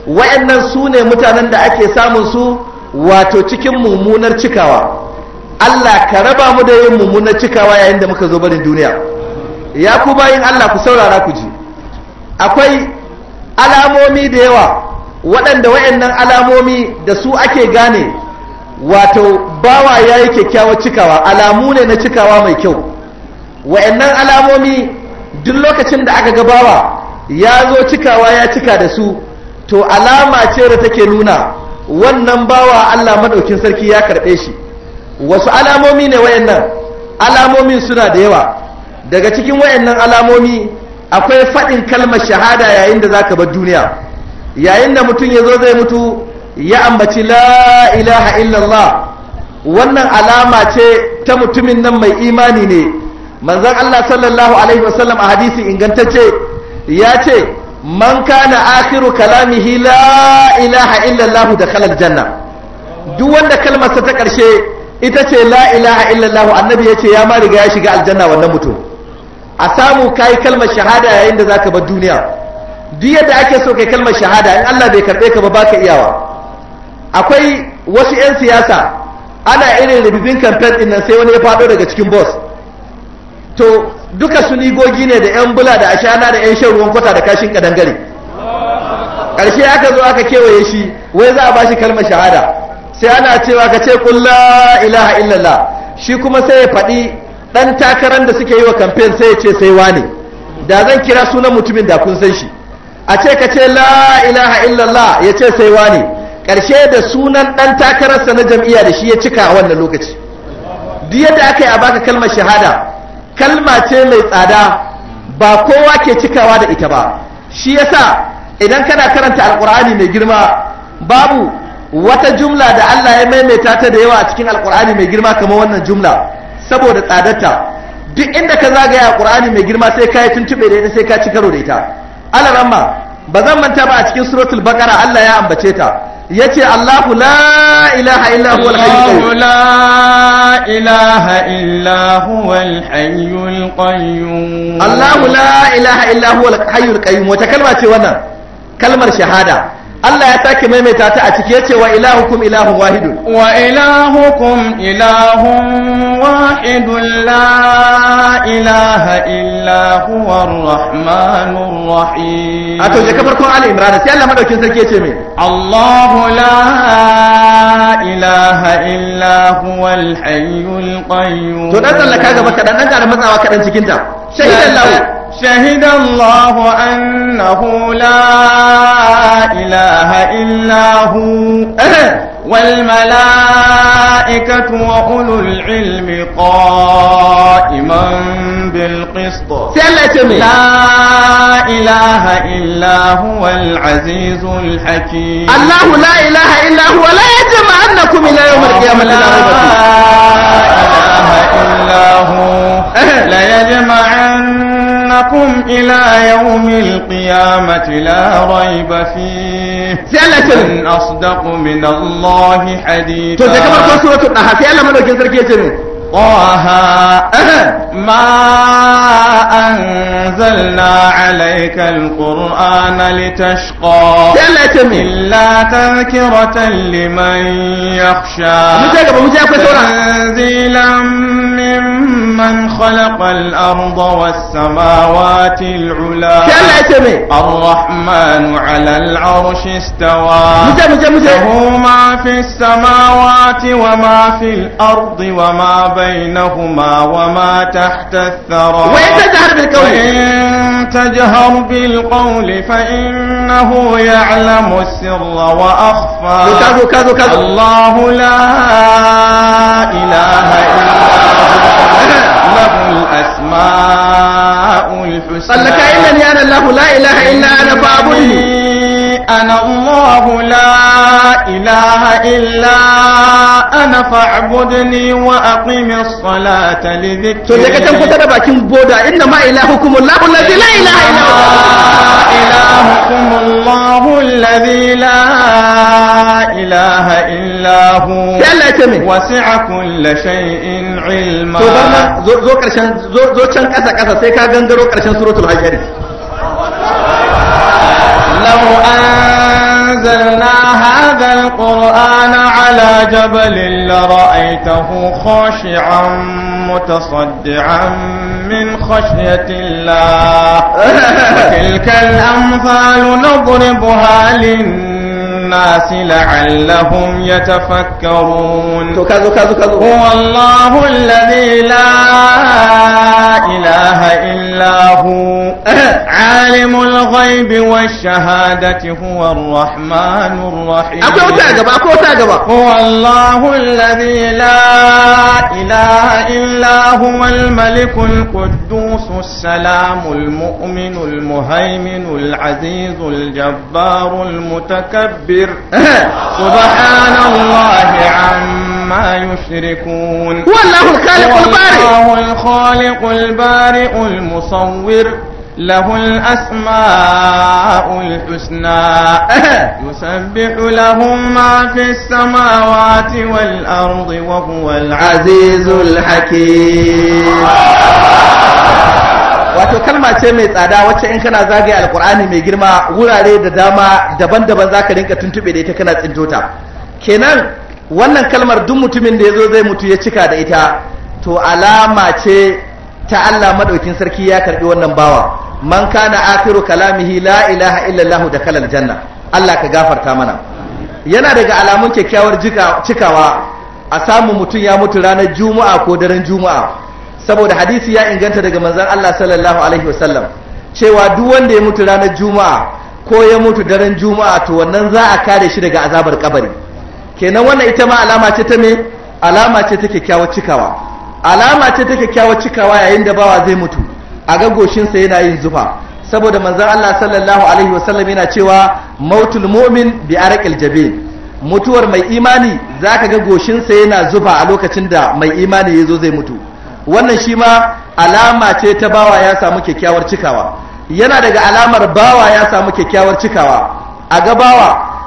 wayannan su ne mutanen da ake samun su wato cikin mummunar cikawa Allah ka raba mu da yin mummunar cikawa yayin da muka zo barin duniya ya ku bayin Allah ku saurara ku ji akwai alamomi da yawa waɗanda waɗannan alamomi da su ake gane wato bawa ya yi kyakkyawar cikawa alamu ne na cikawa mai kyau waɗannan alamomi duk lokacin da aka ga bawa ya zo cikawa ya cika da su to alama ce da take nuna wannan bawa Allah maɗaukin sarki ya karɓe shi wasu alamomi ne waɗannan alamomi suna da yawa daga cikin waɗannan alamomi akwai faɗin kalmar shahada yayin da za ka bar duniya yayin da mutum ya zo zai mutu ya ambaci la ilaha illallah wannan alama ce ta mutumin nan mai imani ne manzan Allah sallallahu alaihi wasallam a hadisi ingantacce ya ce man kana akiru kalamihi la ilaha illallah da kalar janna duk wanda kalmarsa ta ƙarshe ita ce la ilaha illallah annabi ya ce ya ma riga ya shiga aljanna wannan mutum a samu kai kalmar shahada yayin da za ka bar duniya duk yadda ake so kai kalmar shahada in Allah bai karɓe ka ba baka iyawa akwai wasu 'yan siyasa ana irin rububin kamfen ɗin nan sai wani ya faɗo daga cikin bos to duka su gogi ne da 'yan bula da ashana da 'yan shan ruwan kwata da kashin kadangare ƙarshe aka zo aka kewaye shi wai za a ba shi kalmar shahada sai ana cewa ka ce kulla ilaha illallah shi kuma sai ya faɗi ɗan takarar da suke yi wa kamfen sai ya ce sai wane da zan kira sunan mutumin da kun san shi a ce ka ce la ilaha illallah ya ce sai wani ƙarshe da sunan ɗan takararsa na jam'iyya da shi ya cika a wannan lokaci duk yadda aka yi a baka kalmar shahada kalma ce mai tsada ba kowa ke cikawa da ita ba shi yasa idan kana karanta alkur'ani mai girma babu wata jumla da Allah ya maimaita ta da yawa a cikin alkur'ani mai girma kamar wannan jumla saboda tsadarta duk inda ka zagaya Alƙur'ani mai girma sai ka yi tuntube da ita sai ka ci karo da ita alaramma ba zan manta ba a cikin suratul baqara Allah ya ambace ta yace Allahu la ilaha illa huwal hayyul la ilaha illa huwal hayyul qayyum Allahu la ilaha illa huwal hayyul qayyum wata kalma ce wannan kalmar shahada Allah ya sake maimaita ta a ciki yace wa ilahukum ilahun wahidun wa ilahukum ilahun wahidun la ilaha illa huwa arrahmanur rahim a to je ka farkon Ali Imran sai Allah madaukin sarki yace me Allahu la ilaha illa huwa al-hayyul qayyum to dan Allah ka gaba ka dan dan matsawa ka cikin ta shahidan lahu شهد الله أنه لا إله إلا هو والملائكة وأولو العلم قائما بالقسط لا إله إلا هو العزيز الحكيم الله لا إله إلا هو لا يجمعنكم إلى يوم القيامة لا إله إلا هو لا يجمعن أنكم إلى يوم القيامة لا ريب فيه سألة أصدق من الله حديثا تذكر سورة النحل سألة من الجنسر كيسر طه ما أنزلنا عليك القرآن لتشقى إلا تذكرة لمن يخشى تنزيلا ممن خلق الأرض والسماوات العلا الرحمن على العرش استوى له ما في السماوات وما في الأرض وما بينهما وما تحت الثرى وإن تجهر بالقول وإن تجهر بالقول فإنه يعلم السر وأخفى كذو كذو كذو الله لا إله إلا هو له الأسماء الحسنى قال لك إنني أنا الله لا إله إلا أنا فاعبدني أنا الله لا إله إلا أنا فاعبدني وأقم الصلاة لذكري تذكر كم كتب باكين بودا إنما إلهكم الله الذي لا إله إلا هو إلهكم الله الذي لا إله إلا هو وسع كل شيء علما زو زو كرشان زو زو كان كذا كذا سيكا غندرو كرشان سورة الحجر لو أنزلنا هذا القرآن على جبل لرأيته خاشعا متصدعا من خشية الله وتلك الأمثال نضربها للناس لعلهم يتفكرون هو الله الذي لا إله إلا هو عالم الغيب والشهادة هو الرحمن الرحيم هو الله الذي لا إله إلا هو الملك القدوس السلام المؤمن المهيمن العزيز الجبار المتكبر سبحان الله عما يشركون والله الخالق البارئ والله الخالق البارئ المصور له الأسماء الحسنى يسبح له ما في السماوات والأرض وهو العزيز الحكيم wato kalma ce mai tsada wacce in kana zagaye alkur'ani mai girma wurare da dama daban-daban zaka rinka tuntube da ita kana tsinto ta kenan wannan kalmar duk mutumin da ya zo zai mutu ya cika da ita to alama ce ta Allah madaukin sarki ya karbi wannan bawa man kana akhiru kalamihi la ilaha Allah da kalal janna Allah ka gafarta mana yana daga alamun kyakkyawar cikawa a samu mutum ya mutu ranar juma'a ko daren juma'a saboda hadisi ya inganta daga manzon Allah sallallahu alaihi wasallam cewa duk wanda ya mutu ranar juma'a ko ya mutu daren juma'a to wannan za a kare shi daga azabar kabari kenan wannan ita ma alama ce ta me alama ce ta kyakkyawar cikawa alama ce ta kyakkyawar cikawa yayin da bawa zai mutu a ga goshinsa yana yin zufa saboda manzan Allah sallallahu alaihi wasallam yana cewa mautul mu'min bi arqil jabe mutuwar mai imani zaka ga goshinsa yana zufa a lokacin da mai imani ya zo zai mutu wannan shi ma alama ce ta bawa ya samu kyakkyawar cikawa yana daga alamar bawa ya samu kyakkyawar cikawa a ga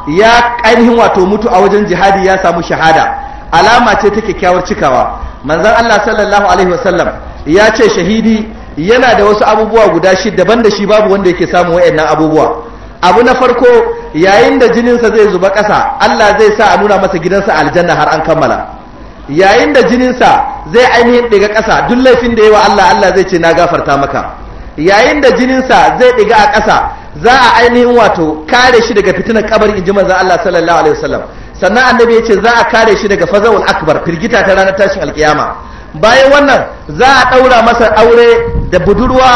ya ainihin wato mutu a wajen jihadi ya samu shahada alama ce ta kyakkyawar cikawa manzon Allah sallallahu alaihi wasallam ya ce shahidi yana da wasu abubuwa guda shi daban da shi babu wanda yake samu wayannan abubuwa abu na farko yayin da jininsa zai zuba ƙasa Allah zai sa a nuna masa gidansa aljanna har an kammala yayin da jininsa zai ainihin ɗiga ƙasa duk laifin da yawa wa Allah Allah zai ce na gafarta maka yayin da jininsa zai ɗiga a ƙasa za a ainihin wato kare shi daga fitinar kabarin ji manzon Allah sallallahu alaihi wasallam sannan annabi ya ce za a kare shi daga fazawul akbar firgita ta ranar tashin alkiyama bayan wannan za a ɗaura masa aure da budurwa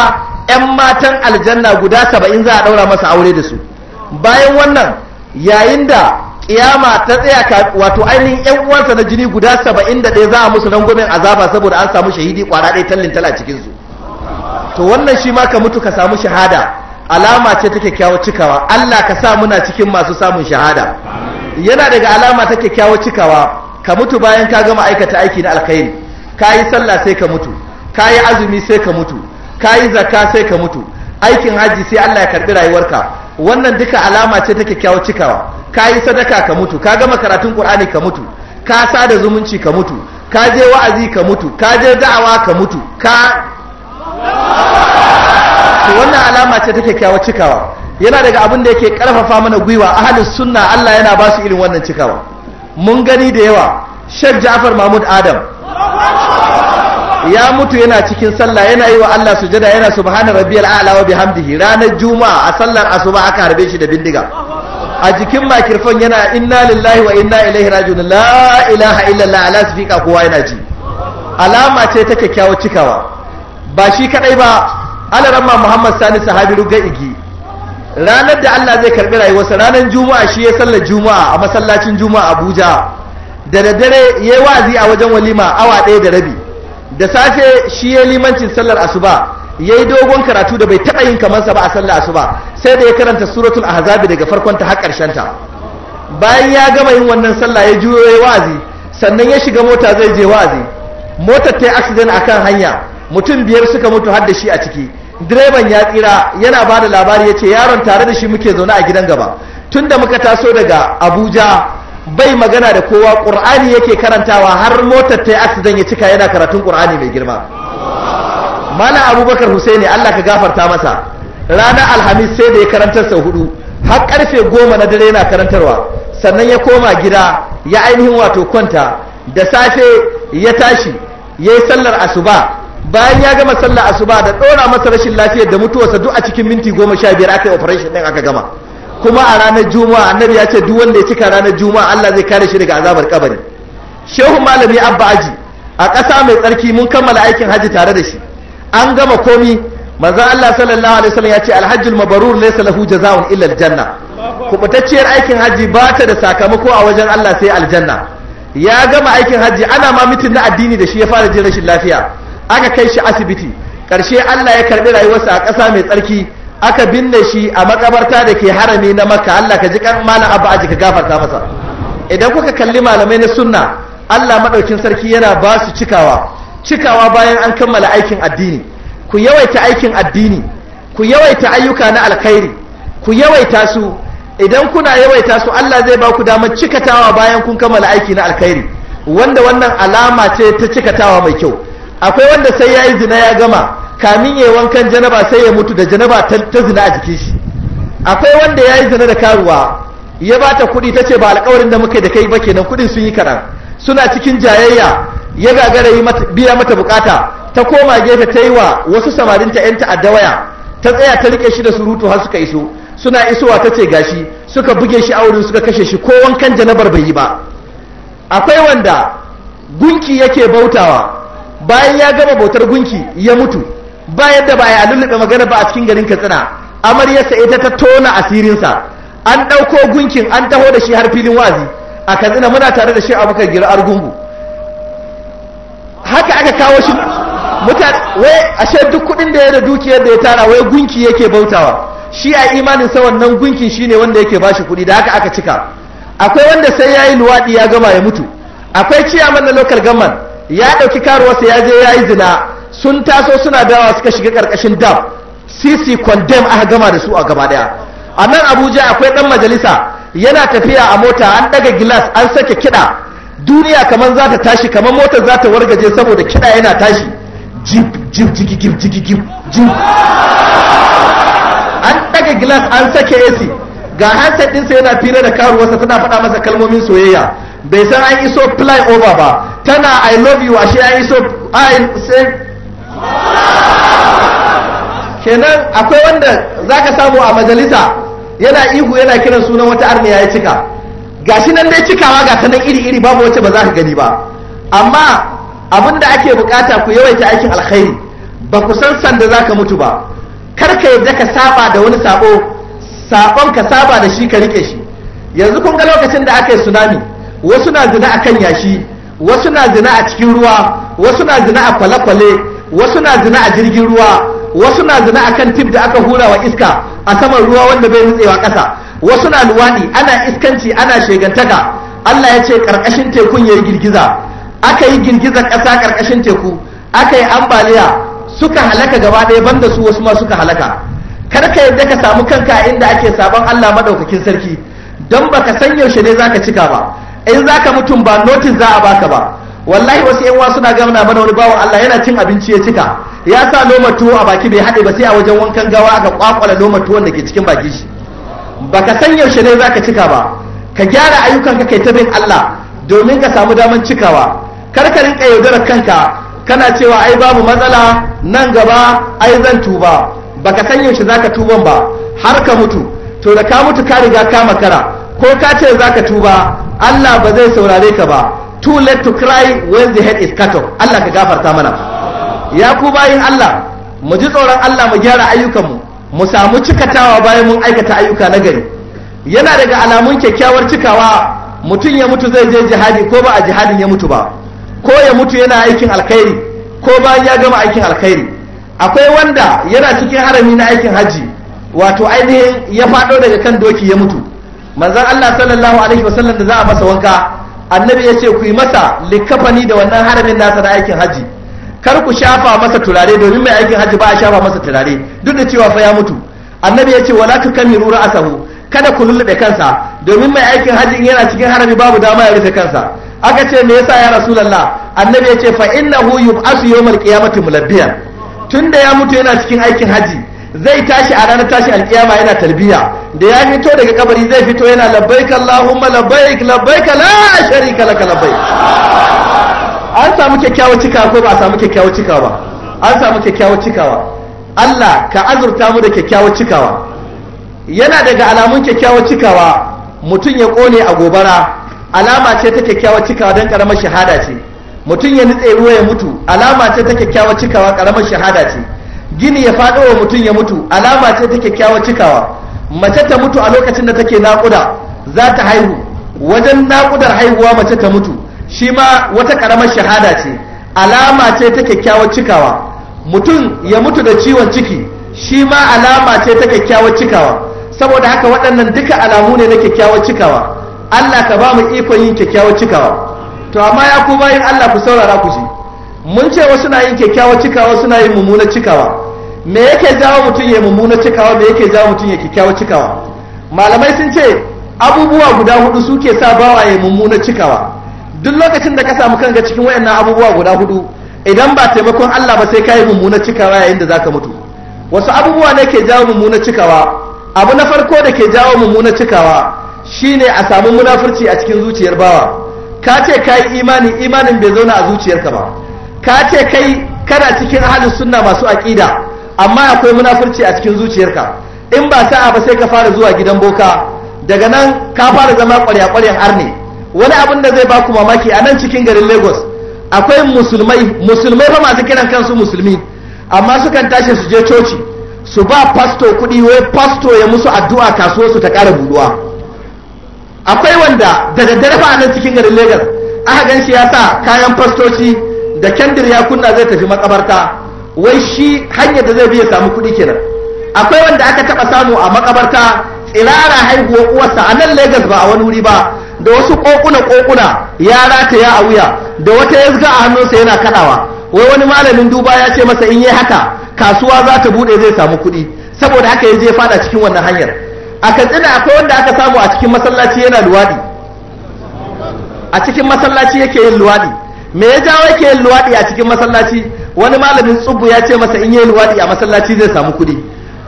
'yan matan aljanna guda saba'in za a ɗaura masa aure da su bayan wannan yayin da kiyama ta tsaya wato ainihin 'yan uwansa na jini guda saba'in da ɗaya za a musu rangwamen azaba saboda an samu shahidi kwara ɗaya tallin tala cikinsu to wannan shi ma ka mutu ka samu shahada alama ce ta kyakkyawar cikawa allah ka sa muna cikin masu samun shahada yana daga alama ta kyakkyawa cikawa ka mutu bayan ka gama aikata aiki na alkhairi ka yi sallah sai ka mutu ka yi azumi sai ka mutu ka yi zakka sai ka mutu aikin hajji sai Allah ya karbi rayuwarka wannan duka alama ce ta kyakkyawa cikawa ka yi sadaka ka mutu ka gama karatun qur'ani ka mutu ka sada zumunci ka mutu ka je wa'azi ka mutu ka je da'awa ka mutu ka wannan alama ce ta kyakkyawa cikawa yana daga abin da yake karfafa mana gwiwa ahalin sunna Allah yana ba su irin wannan cikawa mun gani da yawa Sheikh Ja'far Mahmud Adam ya mutu yana cikin sallah yana yi wa Allah sujada yana subhana rabbiyal a'la wa bihamdihi ranar juma'a a sallar asuba aka harbe shi da bindiga a jikin makirfon yana inna lillahi wa inna ilaihi rajiun la ilaha illallah ala sifika kowa yana ji alama ce ta kyakkyawar cikawa ba shi kadai ba alaramma Muhammad Sani sahabi ruga igi ranar da Allah zai karbi rayuwarsa ranar juma'a shi ya sallar juma'a a masallacin juma'a Abuja da daddare yayi wazi a wajen walima awa ɗaya da rabi da safe shi ya limancin sallar asuba yayi dogon karatu da bai taɓa yin kamansa ba a sallar asuba sai da ya karanta suratul ahzab daga farkon ta har ƙarshen ta bayan ya gama yin wannan sallah ya juyo yayi wazi sannan ya shiga mota zai je wazi motar ta yi accident akan hanya mutum biyar suka mutu har da shi a ciki direban ya tsira yana ba da labari ya ce yaron tare da shi muke zaune a gidan gaba tun da muka taso daga abuja bai magana da kowa ƙur'ani yake karantawa har motar ta yi accident ya cika yana karatun ƙur'ani mai girma mana abubakar husaini allah ka gafarta masa ranar alhamis sai da ya karantar sau hudu har karfe goma na dare yana karantarwa sannan ya koma gida ya ainihin wato kwanta da safe ya tashi ya yi sallar asuba bayan ya gama sallah asuba da dora masa rashin lafiyar da mutuwarsa duk a cikin minti goma sha biyar aka yi operation ɗin aka gama kuma a ranar juma'a annabi ya ce duk wanda ya cika ranar juma'a Allah zai kare shi daga azabar kabari shehu malami abba aji a ƙasa mai tsarki mun kammala aikin haji tare da shi an gama komi manzo Allah sallallahu alaihi wasallam ya ce alhajjul mabrur laysa lahu jazaa'un illa aljanna kubutacciyar aikin haji ba ta da sakamako a wajen Allah sai aljanna ya gama aikin haji ana ma mitin na addini da shi ya fara jin rashin lafiya aka kai shi asibiti ƙarshe Allah ya karɓi rayuwarsa a ƙasa mai tsarki aka binne shi a makabarta da ke harami na maka Allah ka ji kan malam abba aji ka gafarta masa idan kuka kalli malamai na sunna Allah maɗaukin sarki yana ba su cikawa cikawa bayan an kammala aikin addini ku yawaita aikin addini ku yawaita ayyuka na alkhairi ku yawaita su idan kuna yawaita su Allah zai ba ku damar cikatawa bayan kun kammala aiki na alkhairi wanda wannan alama ce ta cikatawa mai kyau akwai wanda sai ya yi zina ya gama kamin ya wankan janaba sai ya mutu da janaba ta zina a jikin shi akwai wanda ya yi zina da karuwa ya ba ta kuɗi ta ce ba alƙawarin da muka yi da kai ba kenan kuɗin sun yi karar suna cikin jayayya ya gagara yi biya mata bukata ta koma gefe ta yi wa wasu samarin ta 'yan ta'adda waya ta tsaya ta rike shi da surutu har suka iso suna isowa ta ce gashi suka buge shi a wurin suka kashe shi ko wankan janabar bai yi ba akwai wanda gunki yake bautawa bayan ya gama bautar gunki ya mutu ba yadda ba ya lullube magana ba a cikin garin katsina amaryarsa ita ta tona asirinsa an ɗauko gunkin an taho da shi har filin wazi a katsina muna tare da shi a muka gira argungu haka aka kawo shi mutane wai a ashe duk kuɗin da ya da dukiyar da ya tara wai gunki yake bautawa shi a imanin sa wannan gunkin shine wanda yake bashi kuɗi da haka aka cika akwai wanda sai yayi luwaɗi ya gama ya mutu akwai ciyaman na local government ya ɗauki karuwarsa ya je ya yi zina sun taso suna dawa suka shiga ƙarƙashin dam sisi condemn aka gama da su a gaba ɗaya a nan abuja akwai ɗan majalisa yana tafiya a mota an ɗaga gilas an sake kiɗa duniya kamar za ta tashi kamar motar za ta wargaje saboda kiɗa yana tashi jib jib jigi jib jigi jib jib an ɗaga gilas an sake ac ga hanset ɗinsa yana fira da karuwarsa tana faɗa masa kalmomin soyayya bai san an iso fly over ba tana i love you ashe an iso i say kenan akwai wanda zaka samu a majalisa yana ihu yana kiran sunan wata arniya ya cika gashi nan dai cikawa ga ta nan iri iri babu wacce ba za ka gani ba amma abin da ake bukata ku yawaita aikin alkhairi ba ku san sanda za ka mutu ba kar ka yadda ka saba da wani sabo sabon ka saba da shi ka rike shi yanzu kun ga lokacin da aka yi tsunami wasu na zina a kan yashi wasu na zina a cikin ruwa wasu na zina a kwale-kwale wasu na zina a jirgin ruwa wasu na zina a kan tip da aka hura wa iska a saman ruwa wanda bai nutsewa ƙasa wasu na luwaɗi ana iskanci ana shegantaka Allah ya ce ƙarƙashin tekun ya yi girgiza aka yi girgizar ƙasa ƙarƙashin teku aka yi ambaliya suka halaka gaba ɗaya banda su wasu ma suka halaka kar ka yadda ka samu kanka inda ake sabon Allah madaukakin sarki don baka san yaushe ne zaka cika ba in za ka mutum ba notin za a baka ba wallahi wasu yan wasu na gamna mana wani bawan Allah yana cin abinci ya cika ya sa loma tuwo a baki bai haɗe ba sai a wajen wankan gawa aka kwakwala loma tuwon da ke cikin baki shi baka san yaushe ne za ka cika ba ka gyara ayyukan ayyukanka kai ta bin Allah domin ka samu daman cikawa kar ka rinka yaudarar kanka kana cewa ai babu matsala nan gaba ai zan tuba baka san yaushe za ka tuban ba har ka mutu to da ka mutu ka riga ka makara ko ka ce za ka tuba Allah ba zai saurare ka ba too late to cry when the head is cut off Allah ka gafarta mana ya ku bayin Allah mu ji tsoron Allah mu gyara ayyukanmu mu samu cikatawa bayan mun aikata ayyuka na gari yana daga alamun kyakkyawar cikawa mutum ya mutu zai je jihadi ko ba a jihadin ya mutu ba ko ya mutu yana aikin alkhairi ko bayan ya gama aikin alkhairi akwai wanda yana cikin harami na aikin hajji wato ainihin ya faɗo daga kan doki ya mutu manzon Allah sallallahu alaihi wasallam da za a masa wanka annabi ya ce ku yi masa likafani da wannan haramin nasa na aikin haji kar ku shafa masa turare domin mai aikin haji ba a shafa masa turare duk da cewa fa ya mutu annabi ya ce wala a sahu. kada ku lullube kansa domin mai aikin haji yana cikin harami babu dama ya rufe kansa aka ce me yasa ya rasulullah annabi ya ce fa innahu yub'asu yawmal qiyamati mulabbiyan tunda ya mutu yana cikin aikin haji zai tashi a ranar tashi alkiyama yana tarbiya da ya fito daga kabari zai fito yana labbaik Allahumma labbaik labbaika la sharika laka labbaik an samu kyakkyawar cikawa ko ba a samu kyakkyawar cikawa ba an samu kyakkyawar cikawa Allah ka azurta mu da kyakkyawar cikawa yana daga alamun kyakkyawar cikawa mutum ya kone a gobara alama ce ta kyakkyawar cikawa don karamar shahada ce mutum ya nutse ruwa ya mutu alama ce ta kyakkyawar cikawa karamar shahada ce gini ya faɗo wa mutum ya mutu alama ce ta kyakkyawar cikawa mace ta mutu a lokacin da take naƙuda za ta haihu wajen naƙudar haihuwa mace ta mutu shi ma wata ƙaramar shahada ce alama ce ta kyakkyawar cikawa mutum ya mutu da ciwon ciki shi ma alama ce ta kyakkyawar cikawa saboda haka waɗannan duka alamu ne na kyakkyawar cikawa Allah ka ba mu ikon yin kyakkyawar cikawa to amma ya ku bayin Allah ku saurara ku ji mun ce wasu na yin kyakkyawar cikawa suna yin mummunar cikawa me yake jawo mutum ya mummuna cikawa me yake jawo mutum ya kyakkyawa cikawa malamai sun ce abubuwa guda hudu suke sa bawa ya mummuna cikawa duk lokacin da ka samu kanka cikin wayannan abubuwa guda hudu idan ba taimakon Allah ba sai ka yi mummuna cikawa yayin da zaka mutu wasu abubuwa ne ke jawo mummuna cikawa abu na farko da ke jawo mummuna cikawa shine a samu munafurci a cikin zuciyar bawa ka ce ka imani imanin bai zauna a zuciyarka ba ka ce kai kana cikin ahalin sunna masu aƙida amma akwai munafurci a cikin zuciyarka in ba sa'a ba sai ka fara zuwa gidan boka daga nan ka fara zama kwarya-kwaryan arne wani abin da zai baku mamaki a nan cikin garin lagos akwai musulmai musulmai ba masu kiran kansu musulmi amma sukan tashi su je coci su ba pasto kuɗi wai pasto ya musu addu'a kasuwar su ta ƙara buduwa akwai wanda da daddare ba a nan cikin garin lagos aka gan shi ya sa kayan fastoci da kendir ya kunna zai tafi makabarta wai shi hanyar da zai bi ya samu kuɗi kenan akwai wanda aka taɓa samu a makabarta tsirara haihuwar uwarsa a nan Legas ba a wani wuri ba da wasu kokuna kokuna ya rataya a wuya da wata yazga a hannunsa yana kadawa wai wani malamin duba ya ce masa in yi haka kasuwa za ta bude zai samu kuɗi saboda haka ya je fada cikin wannan hanyar a katsina akwai wanda aka samu a cikin masallaci yana luwaɗi a cikin masallaci yake yin luwaɗi me ya jawo yake yin luwaɗi a cikin masallaci wani malamin tsubu ya ce masa in yi luwaɗi a masallaci zai samu kuɗi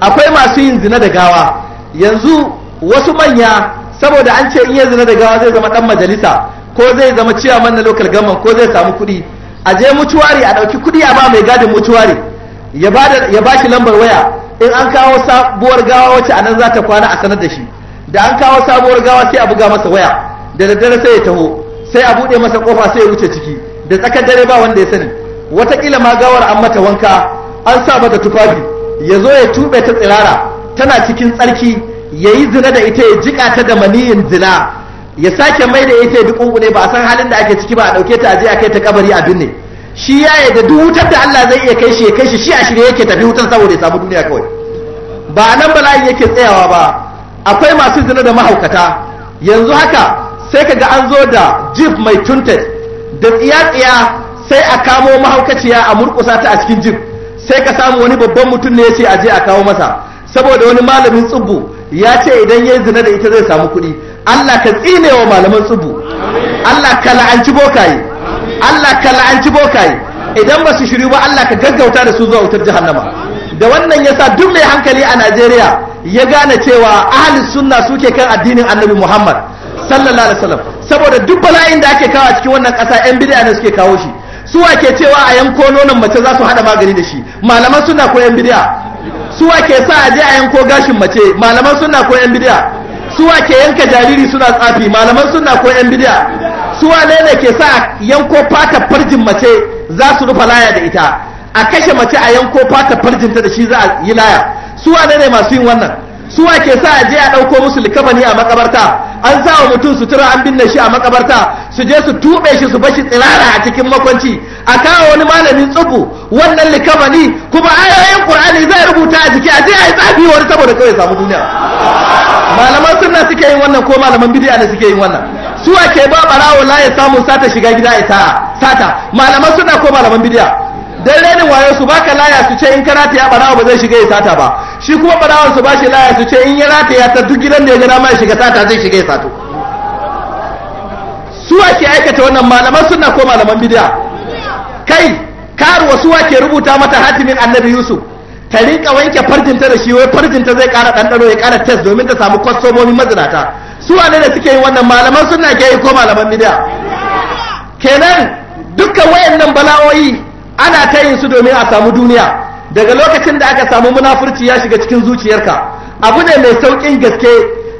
akwai masu yin zina da gawa yanzu wasu manya saboda an ce in yi zina da gawa zai zama ɗan majalisa ko zai zama ciyaman na lokal government ko zai samu kuɗi a je mutuwari a ɗauki kuɗi a ba mai gadin mutuwari ya ba shi lambar waya in an kawo sabuwar gawa wacce a nan za ta kwana a sanar da shi da an kawo sabuwar gawa sai a buga masa waya da daddare sai ya taho sai a buɗe masa kofa sai ya wuce ciki da tsakar dare ba wanda ya sani watakila ma gawar an mata wanka an sa mata tufafi ya zo ya tube ta tsirara tana cikin tsarki ya yi zina da ita ya jika ta da maniyin zina ya sake mai da ita duk ne ba a san halin da ake ciki ba a ɗauke ta aje a kai ta kabari a binne shi ya da duk wutar da Allah zai iya kai shi ya kai shi shi a shirye yake tafi wutar saboda ya samu duniya kawai ba a nan balai yake tsayawa ba akwai masu zina da mahaukata yanzu haka sai ka ga an zo da jeep mai tuntet da tsiya-tsiya sai a kamo mahaukaciya a murkusa ta a cikin jib sai ka samu wani babban mutum ne ya ce a je a kawo masa saboda wani malamin tsubu ya ce idan ya zina da ita zai samu kuɗi Allah ka tsine wa malaman tsubu Allah ka la'anci bokaye Allah ka la'anci bokaye idan ba su shiri ba Allah ka gaggauta da su zuwa wutar jahannama da wannan yasa duk mai hankali a Najeriya ya gane cewa ahli sunna suke kan addinin Annabi Muhammad sallallahu alaihi wasallam saboda duk bala'in da ake kawo cikin wannan ƙasa yan bid'a ne suke kawo shi su ke cewa a yanko nonon mace za su hada magani da shi malaman suna ko yan bidiya su ke sa a je a yanko gashin mace malaman suna ko yan bidiya su ke yanka jariri suna tsafi malaman suna ko yan bidiya su ne ne ke sa a yanko fata farjin mace za su rufa laya da ita a kashe mace a yanko fata farjinta da shi za a yi laya su ne masu yin wannan suwa ke sa a je a ɗauko musu likafani a makabarta an sa wa mutum sutura an binne shi a makabarta su je su tuɓe shi su bashi tsirara a cikin makwanci a kawo wani malamin tsubu wannan likafani kuma ayoyin qur'ani zai rubuta a jiki a je a yi tsafi wani saboda kawai samu duniya malaman sunna suke yin wannan ko malaman bidiya ne suke yin wannan suwa ke ba barawo la ya samu sata shiga gida ita sata malaman sunna ko malaman bidiya dan renin wayo su baka laya su ce in ka rataya barawa ba zai shiga ya sata ba shi kuma barawan su bashi laya su ce in ya rataya ta duk gidan da ya gana ma shiga sata zai shiga ya sato su ake aikata wannan malaman sunna ko malaman bidiya kai karuwa su ake rubuta mata hatimin annabi yusuf ta rinka wanke farjinta da shi wai farjinta zai kara ɗanɗano ya kara test domin ta samu kwastomomi mazinata su ne da suke yi wannan malaman sunna ke yi ko malaman bidiya kenan dukkan wayannan bala'o'i ana ta yin su domin a samu duniya daga lokacin da aka samu munafurci ya shiga cikin zuciyarka abu ne mai saukin gaske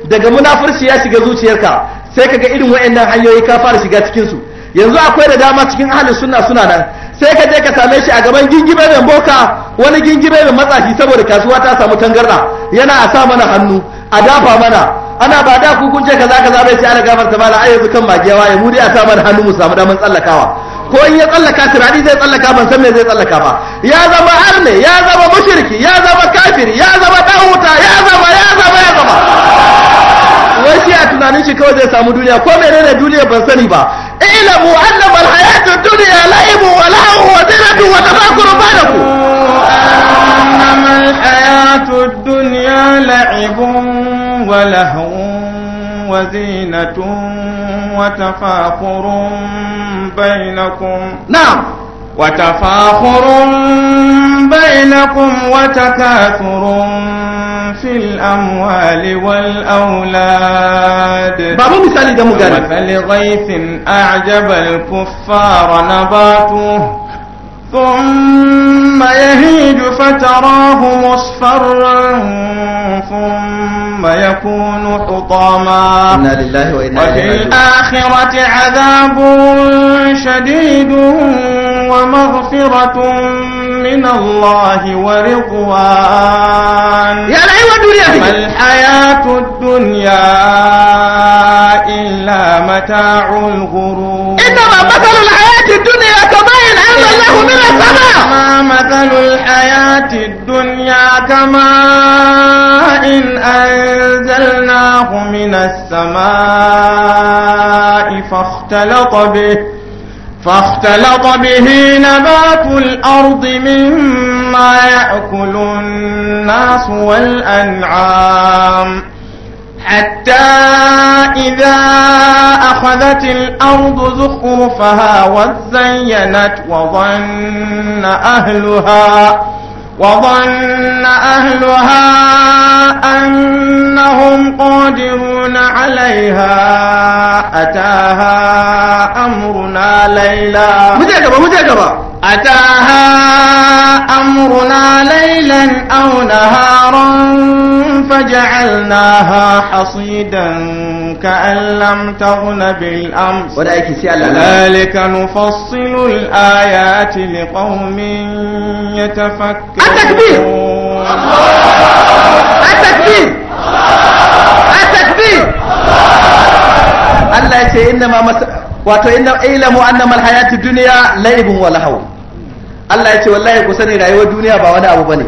daga munafurci ya shiga zuciyarka sai ga irin waɗannan hanyoyi ka fara shiga cikin su yanzu akwai da dama cikin ahlus sunna suna nan sai ka je ka same shi a gaban gingibe mai boka wani gingibe mai matsafi saboda kasuwa ta samu tangarda yana a sa mana hannu a dafa mana ana ba da ku kun ce kaza kaza bai sai ana gafarta ba la yanzu kan magiyawa ya mu dai a sa mana hannu mu samu daman tsallakawa ko in ya tsallaka turari zai tsallaka ban san me zai tsallaka ba ya zama arne ya zama mushriki ya zama kafiri ya zama dauta ya zama ya zama ya zama wai shi a tunanin shi kawai zai samu duniya ko menene duniya ban sani ba ilamu annama alhayatu dunya laibu wa lahu wa zinatu wa tafakkuru bainakum annama alhayatu dunya la'ibun wa lahu وزينة وتفاخر بينكم نعم وتفاخر بينكم وتكاثر في الأموال والأولاد بابو مثالي إذا قال مثل غيث أعجب الكفار نباته ثم يهيج فتراه مصفرا ثم فيكون حطاما إنا لله وإنا وفي الآخرة عذاب شديد ومغفرة من الله ورضوان يا ما الحياة الدنيا إلا متاع الغرور إنما مثل الحياة الدنيا كما الله من السماء ما مثل الحياة الدنيا كماء إن أنزلناه من السماء فاختلط به فاختلط به نبات الأرض مما يأكل الناس والأنعام حتى إذا أخذت الأرض زخرفها وزينت وظن أهلها وظن أهلها أنهم قادرون عليها أتاها أمرنا ليلا متى أتاها أمرنا ليلا أو نهارا فجعلناها حصيدا كأن لم تغن بالأمس ذلك نفصل الآيات لقوم يتفكرون التكبير التكبير التكبير الله يقول إنما مثل wato inda ilamu annama hayatid dunya laibun wa lahaw Allah ya ce wallahi ku sani rayuwar duniya ba wani abu bane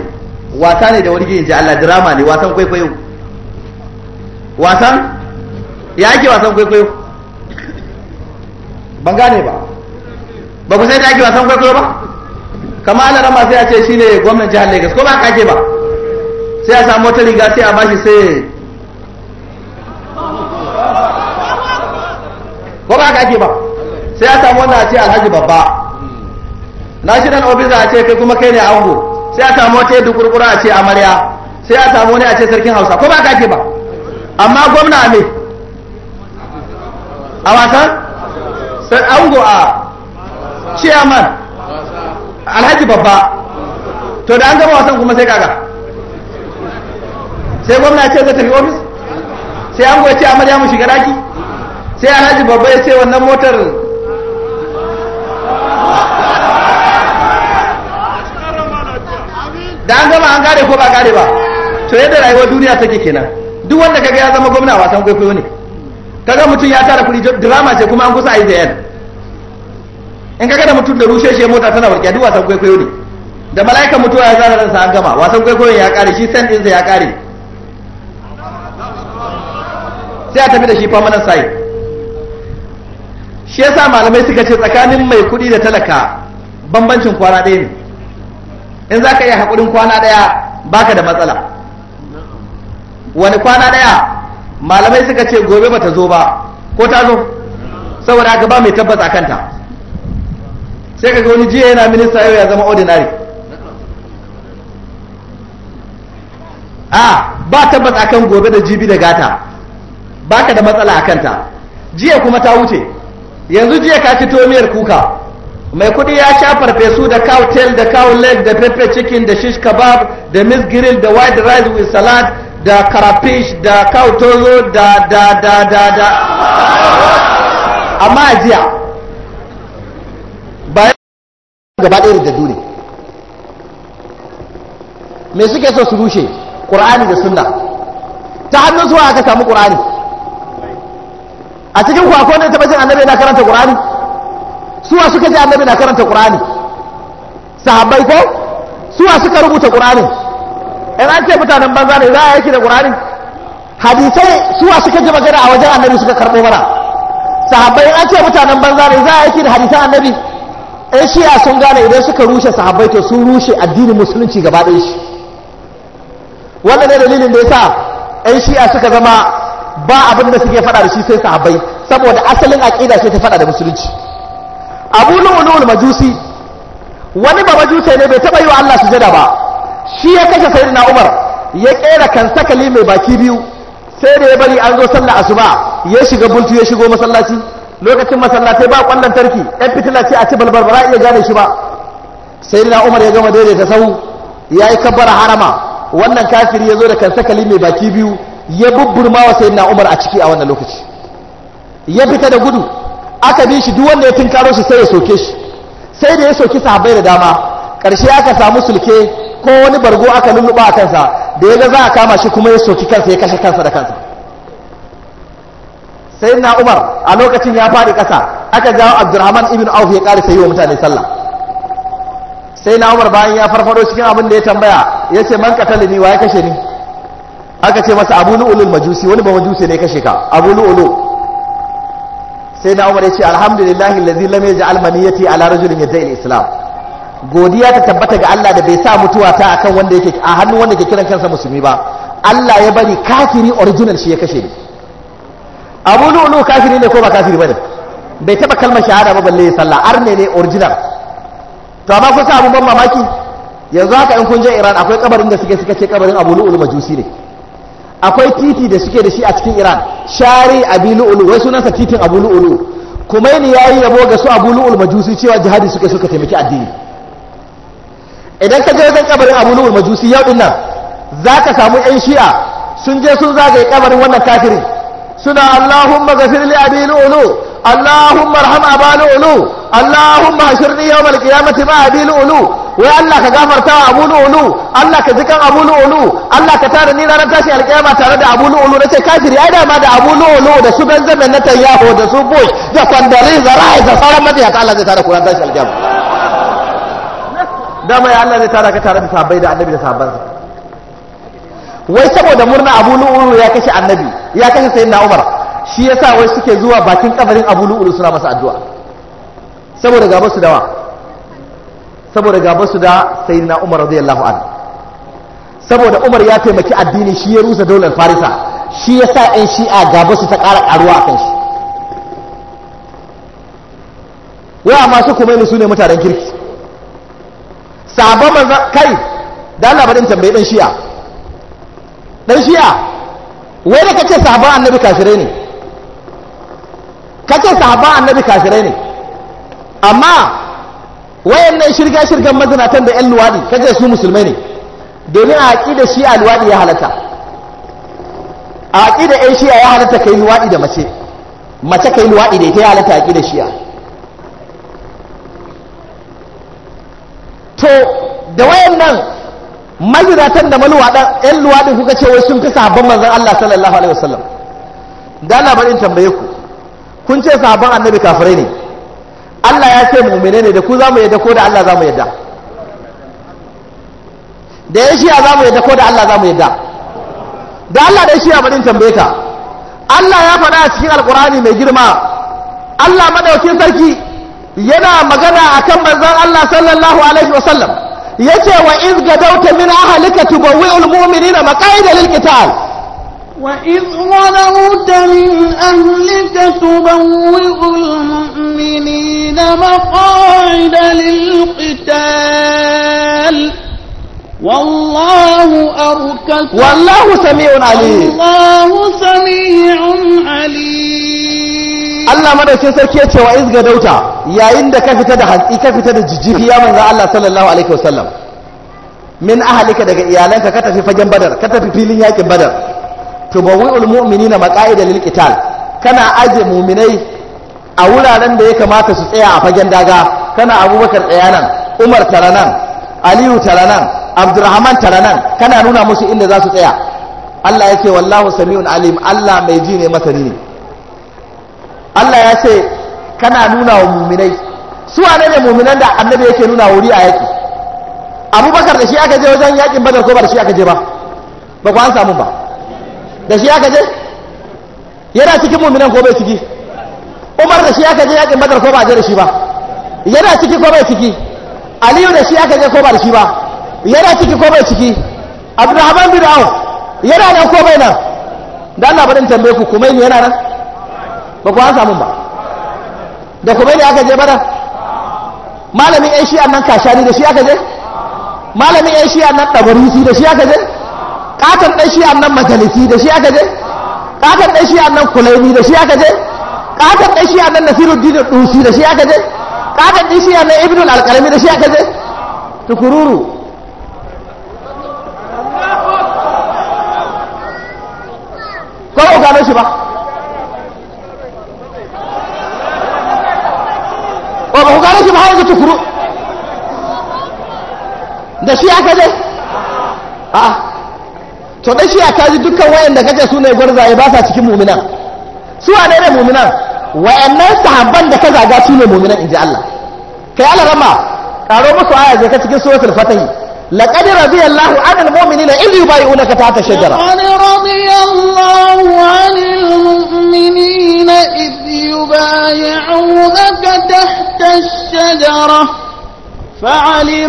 wata ne da wargi ji Allah drama ne wasan kwaikwayo wasan ya ake wasan kwaikwayo ban gane ba ba ku sani da ake wasan kwaikwayo ba kamar Allah rama sai ya ce shine gwamnatin jihar Lagos ko ba ka ake ba sai a samu wata riga sai a bashi sai ko ba haka ake ba sai a samu wanda a ce alhaji babba national officer a ce kai kuma kai ne ango sai a samu wata yadda a ce amarya sai ya samu wani a ce sarkin hausa ko ba haka ake ba amma gwamna ne a wasan sai ango a chairman alhaji babba to da an gama wasan kuma sai kaga sai gwamna ce zai tafi ofis sai ango ya ce amarya mu shiga daki sai alhaji babba ya ce wannan motar da an gama an gare ko ba gare ba to yadda rayuwar duniya take kenan duk wanda kaga ya zama gwamna wasan kwaikwayo ne kaga mutum ya tara kuri drama ce kuma an kusa a yi in kaga da mutum da rushe shi mota tana warkiya duk wasan kwaikwayo ne da malaika mutuwa ya zara ransa an gama wasan kwaikwayon ya kare shi san ɗinsa ya kare sai a tafi da shi permanent site shi yasa malamai suka ce tsakanin mai kuɗi da talaka bambancin kwana ɗaya ne in za ka iya haƙurin kwana ɗaya baka da matsala wani kwana ɗaya malamai suka ce gobe ba ta zo ba ko ta zo saboda haka ba mai tabbas a kanta sai ka ga wani jiya yana minista yau ya zama ordinary a ba tabbas kan gobe da jibi da gata baka da matsala a kanta jiya kuma ta wuce yanzu jiya ka ci tomiyar kuka mai kudi ya sha farfesu da cow tail da cow leg da pepper chicken da shish kebab da miss grill da white rice with salad da karafish da cow tozo da da da da da amma jiya bayan gaba ɗaya da dure me suke so su rushe ƙur'ani da sunna ta hannun suwa aka samu ƙur'ani a cikin ku akwai wanda ta taba annabi na karanta qur'ani suwa suka ji annabi na karanta qur'ani sahabbai ko suwa suka rubuta qur'ani in an ce mutanen banza ne za a yake da qur'ani hadisai suwa suka ji magana a wajen annabi suka karbo mana sahabbai in an ce mutanen banza ne za a yake da hadisan annabi in shiya sun gane idan suka rushe sahabbai to sun rushe addinin musulunci gaba ɗaya shi wannan ne dalilin da ya sa 'yan shiya suka zama ba abin da suke faɗa da shi sai sahabbai saboda asalin aƙida sai ta faɗa da musulunci abu lu'ulu'ul majusi wani baba Majusi ne bai taɓa yi wa Allah sujada ba shi ya kashe sayyidina Umar ya kera kan sakali mai baki biyu sai da ya bari an zo sallah asuba ya shiga bultu ya shigo masallaci lokacin masallatai ba kwallon tarki ɗan fitila ce a ci balbarbara iya gane shi ba sayyidina Umar ya gama daidaita sahu ya yi kabbara harama wannan kafiri ya zo da kan sakali mai baki biyu ya bubburma wa sayyidina Umar a ciki a wannan lokaci ya fita da gudu aka bi shi duk wanda ya tinkaro shi sai ya soke shi sai da ya soki sahabbai da dama ƙarshe aka samu sulke ko wani bargo aka lulluba a kansa da ya ga za a kama shi kuma ya soki kansa ya kashe kansa da kansa sayyidina Umar a lokacin ya faɗi ƙasa aka jawo Abdurrahman ibn Auf ya ƙara sayi wa mutane sallah sai na umar bayan ya farfado cikin abin da ya tambaya ya ce man katalini wa ya kashe ni aka ce masa abu lu'ulul majusi wani ba majusi ne kashe ka abu lu'ulu sai na umar ya ce alhamdulillahi allazi lam yaj'al maniyati ala rajulin yadda islam godiya ta tabbata ga Allah da bai sa mutuwa ta akan wanda yake a hannu wanda ke kiran kansa musulmi ba Allah ya bari kafiri original shi ya kashe ni abu lu'ulu kafiri ne ko ba kafiri bane bai taba kalmar shahada ba balle sallah arne ne original to amma kusa abun ban mamaki yanzu haka in kun Iran akwai kabarin da suke suka ce kabarin Abu lu'ulu Majusi ne akwai titi da suke da shi a cikin iran shari abi lu'ulu wai sunansa titin abu lu'ulu kumaini ya yi yabo ga su abu lu'ul majusi cewa jihadi suke suka taimaki addini idan ka je wajen kabarin abu majusi yau din nan za ka samu yan shi'a sun je sun zagaye kabarin wannan kafirin suna allahumma gafir li abi lu'ulu allahumma arham aba lu'ulu allahumma hashirni yawmal qiyamati ma abi lu'ulu wai Allah ka gafarta wa Abu Lu'lu Allah ka jikan Abu Lu'lu Allah ka tare ni ranar tashi alƙiyama tare da Abu Lu'lu nace kafiri ai da ma da Abu Lu'lu da su Benjamin Netanyahu da su Bush da Kwandare da Rai da sauran madiyaka Allah zai tare ku ranar tashi alƙiyama dama ya Allah zai tare ka tare da sabai da annabi da sahabbansa wai saboda murna Abu Lu'lu ya kashe annabi ya kashe sayyidina Umar shi yasa wai suke zuwa bakin kabarin Abu Lu'lu suna masa addu'a saboda ga su dawa saboda gaba su da sayyidina Umar radiyallahu anhu saboda Umar ya taimaki addini shi ya rusa daular Farisa shi ya sa shi Shi'a gaba su ta ƙara ƙaruwa akan shi wa masu kuma su ne mutanen kirki sabon manzan kai da Allah baɗin tambayi ɗan shi'a ɗan shi'a wai da kace sabon annabi kafirai ne kace sabon annabi kafirai ne amma wayannan shirga shirgan mazinatan da yan luwadi kaje su musulmai ne domin a da shi a luwadi ya halatta a da yan shiya ya halatta kai luwadi da mace mace kai luwadi da ita ya halatta a da shiya to da wayannan mazinatan da maluwaɗan yan luwadin kuka ce wai sun fi sahabban manzon Allah sallallahu alaihi wasallam da Allah bari in tambaye ku kun ce sahabban annabi kafirai ne Allah ya ce mu'mine ne da ku za mu yadda ko da Allah za mu yadda da ya shiya za mu yadda ko da Allah za mu yadda da Allah da ya shiya bari tambaye ka Allah ya faɗa a cikin alkurani mai girma Allah madaukin sarki yana magana a kan manzon Allah sallallahu alaihi wa sallam ya ce wa iz gadawta min ahlika tubawwi'ul mu'minina maqaida lil qital وإذ غدوت من أهلك تبوئ المؤمنين مقاعد للقتال والله أركك والله سميع عليم والله سميع عليم Allah madaukin sarki ya ce wa izga dauta yayin da ka da hantsi ka fita da jijjifi ya manzo Allah sallallahu alaihi wasallam min ahalika daga iyalanka ka tafi fagen badar ka tafi filin yakin badar tubawwi'ul na maka'ida lil qital kana aje mu'minai a wuraren da ya kamata su tsaya a fagen daga kana Abubakar tsaya nan Umar tara nan Aliyu tara nan Abdurrahman tara nan kana nuna musu inda za su tsaya Allah ya ce wallahu sami'un alim Allah mai ji ne masani ne Allah ya ce kana nuna wa mu'minai su wane ne mu'minan da annabi yake nuna wuri a yaki Abubakar da shi aka je wajen yakin Badar ko ba da shi aka je ba ba ku an samu ba da shi aka je yana cikin muminan ko bai ciki umar da shi aka je yakin badar ko ba je da shi ba yana ciki ko bai ciki aliyu da shi aka je ko ba da shi ba yana ciki ko bai ciki abdurrahman bin auf yana nan ko bai nan da na barin tambaye ku kuma yana nan ba ku an samu ba da kuma ne aka je bada malamin yan shi'an nan kashani da shi aka je malamin yan shi'an nan dabarusi da shi aka je katon ɗan shi nan majalisi da shi aka je katon ɗan shi nan kulaini da shi aka je katon ɗan shi nan nasiruddin dusi da shi aka je katon ɗan shi nan ibnu alƙalami da shi aka je tukururu ko ku gano shi ba ko ba gano shi ba har yanzu tukuru da shi aka je a'a to dai shi ya taji dukkan wayanda kace su ne gwarzaye ba sa cikin mu'mina su wane ne mu'mina wayannan sahabban da ka zaga su ne mu'mina inji Allah kai Allah rama karo musu aya je ka cikin suratul fatih لقد رضي الله عن المؤمنين إذ يبايعونك تحت الشجرة لقد رضي الله عن المؤمنين إذ يبايعونك تحت الشجرة فعلم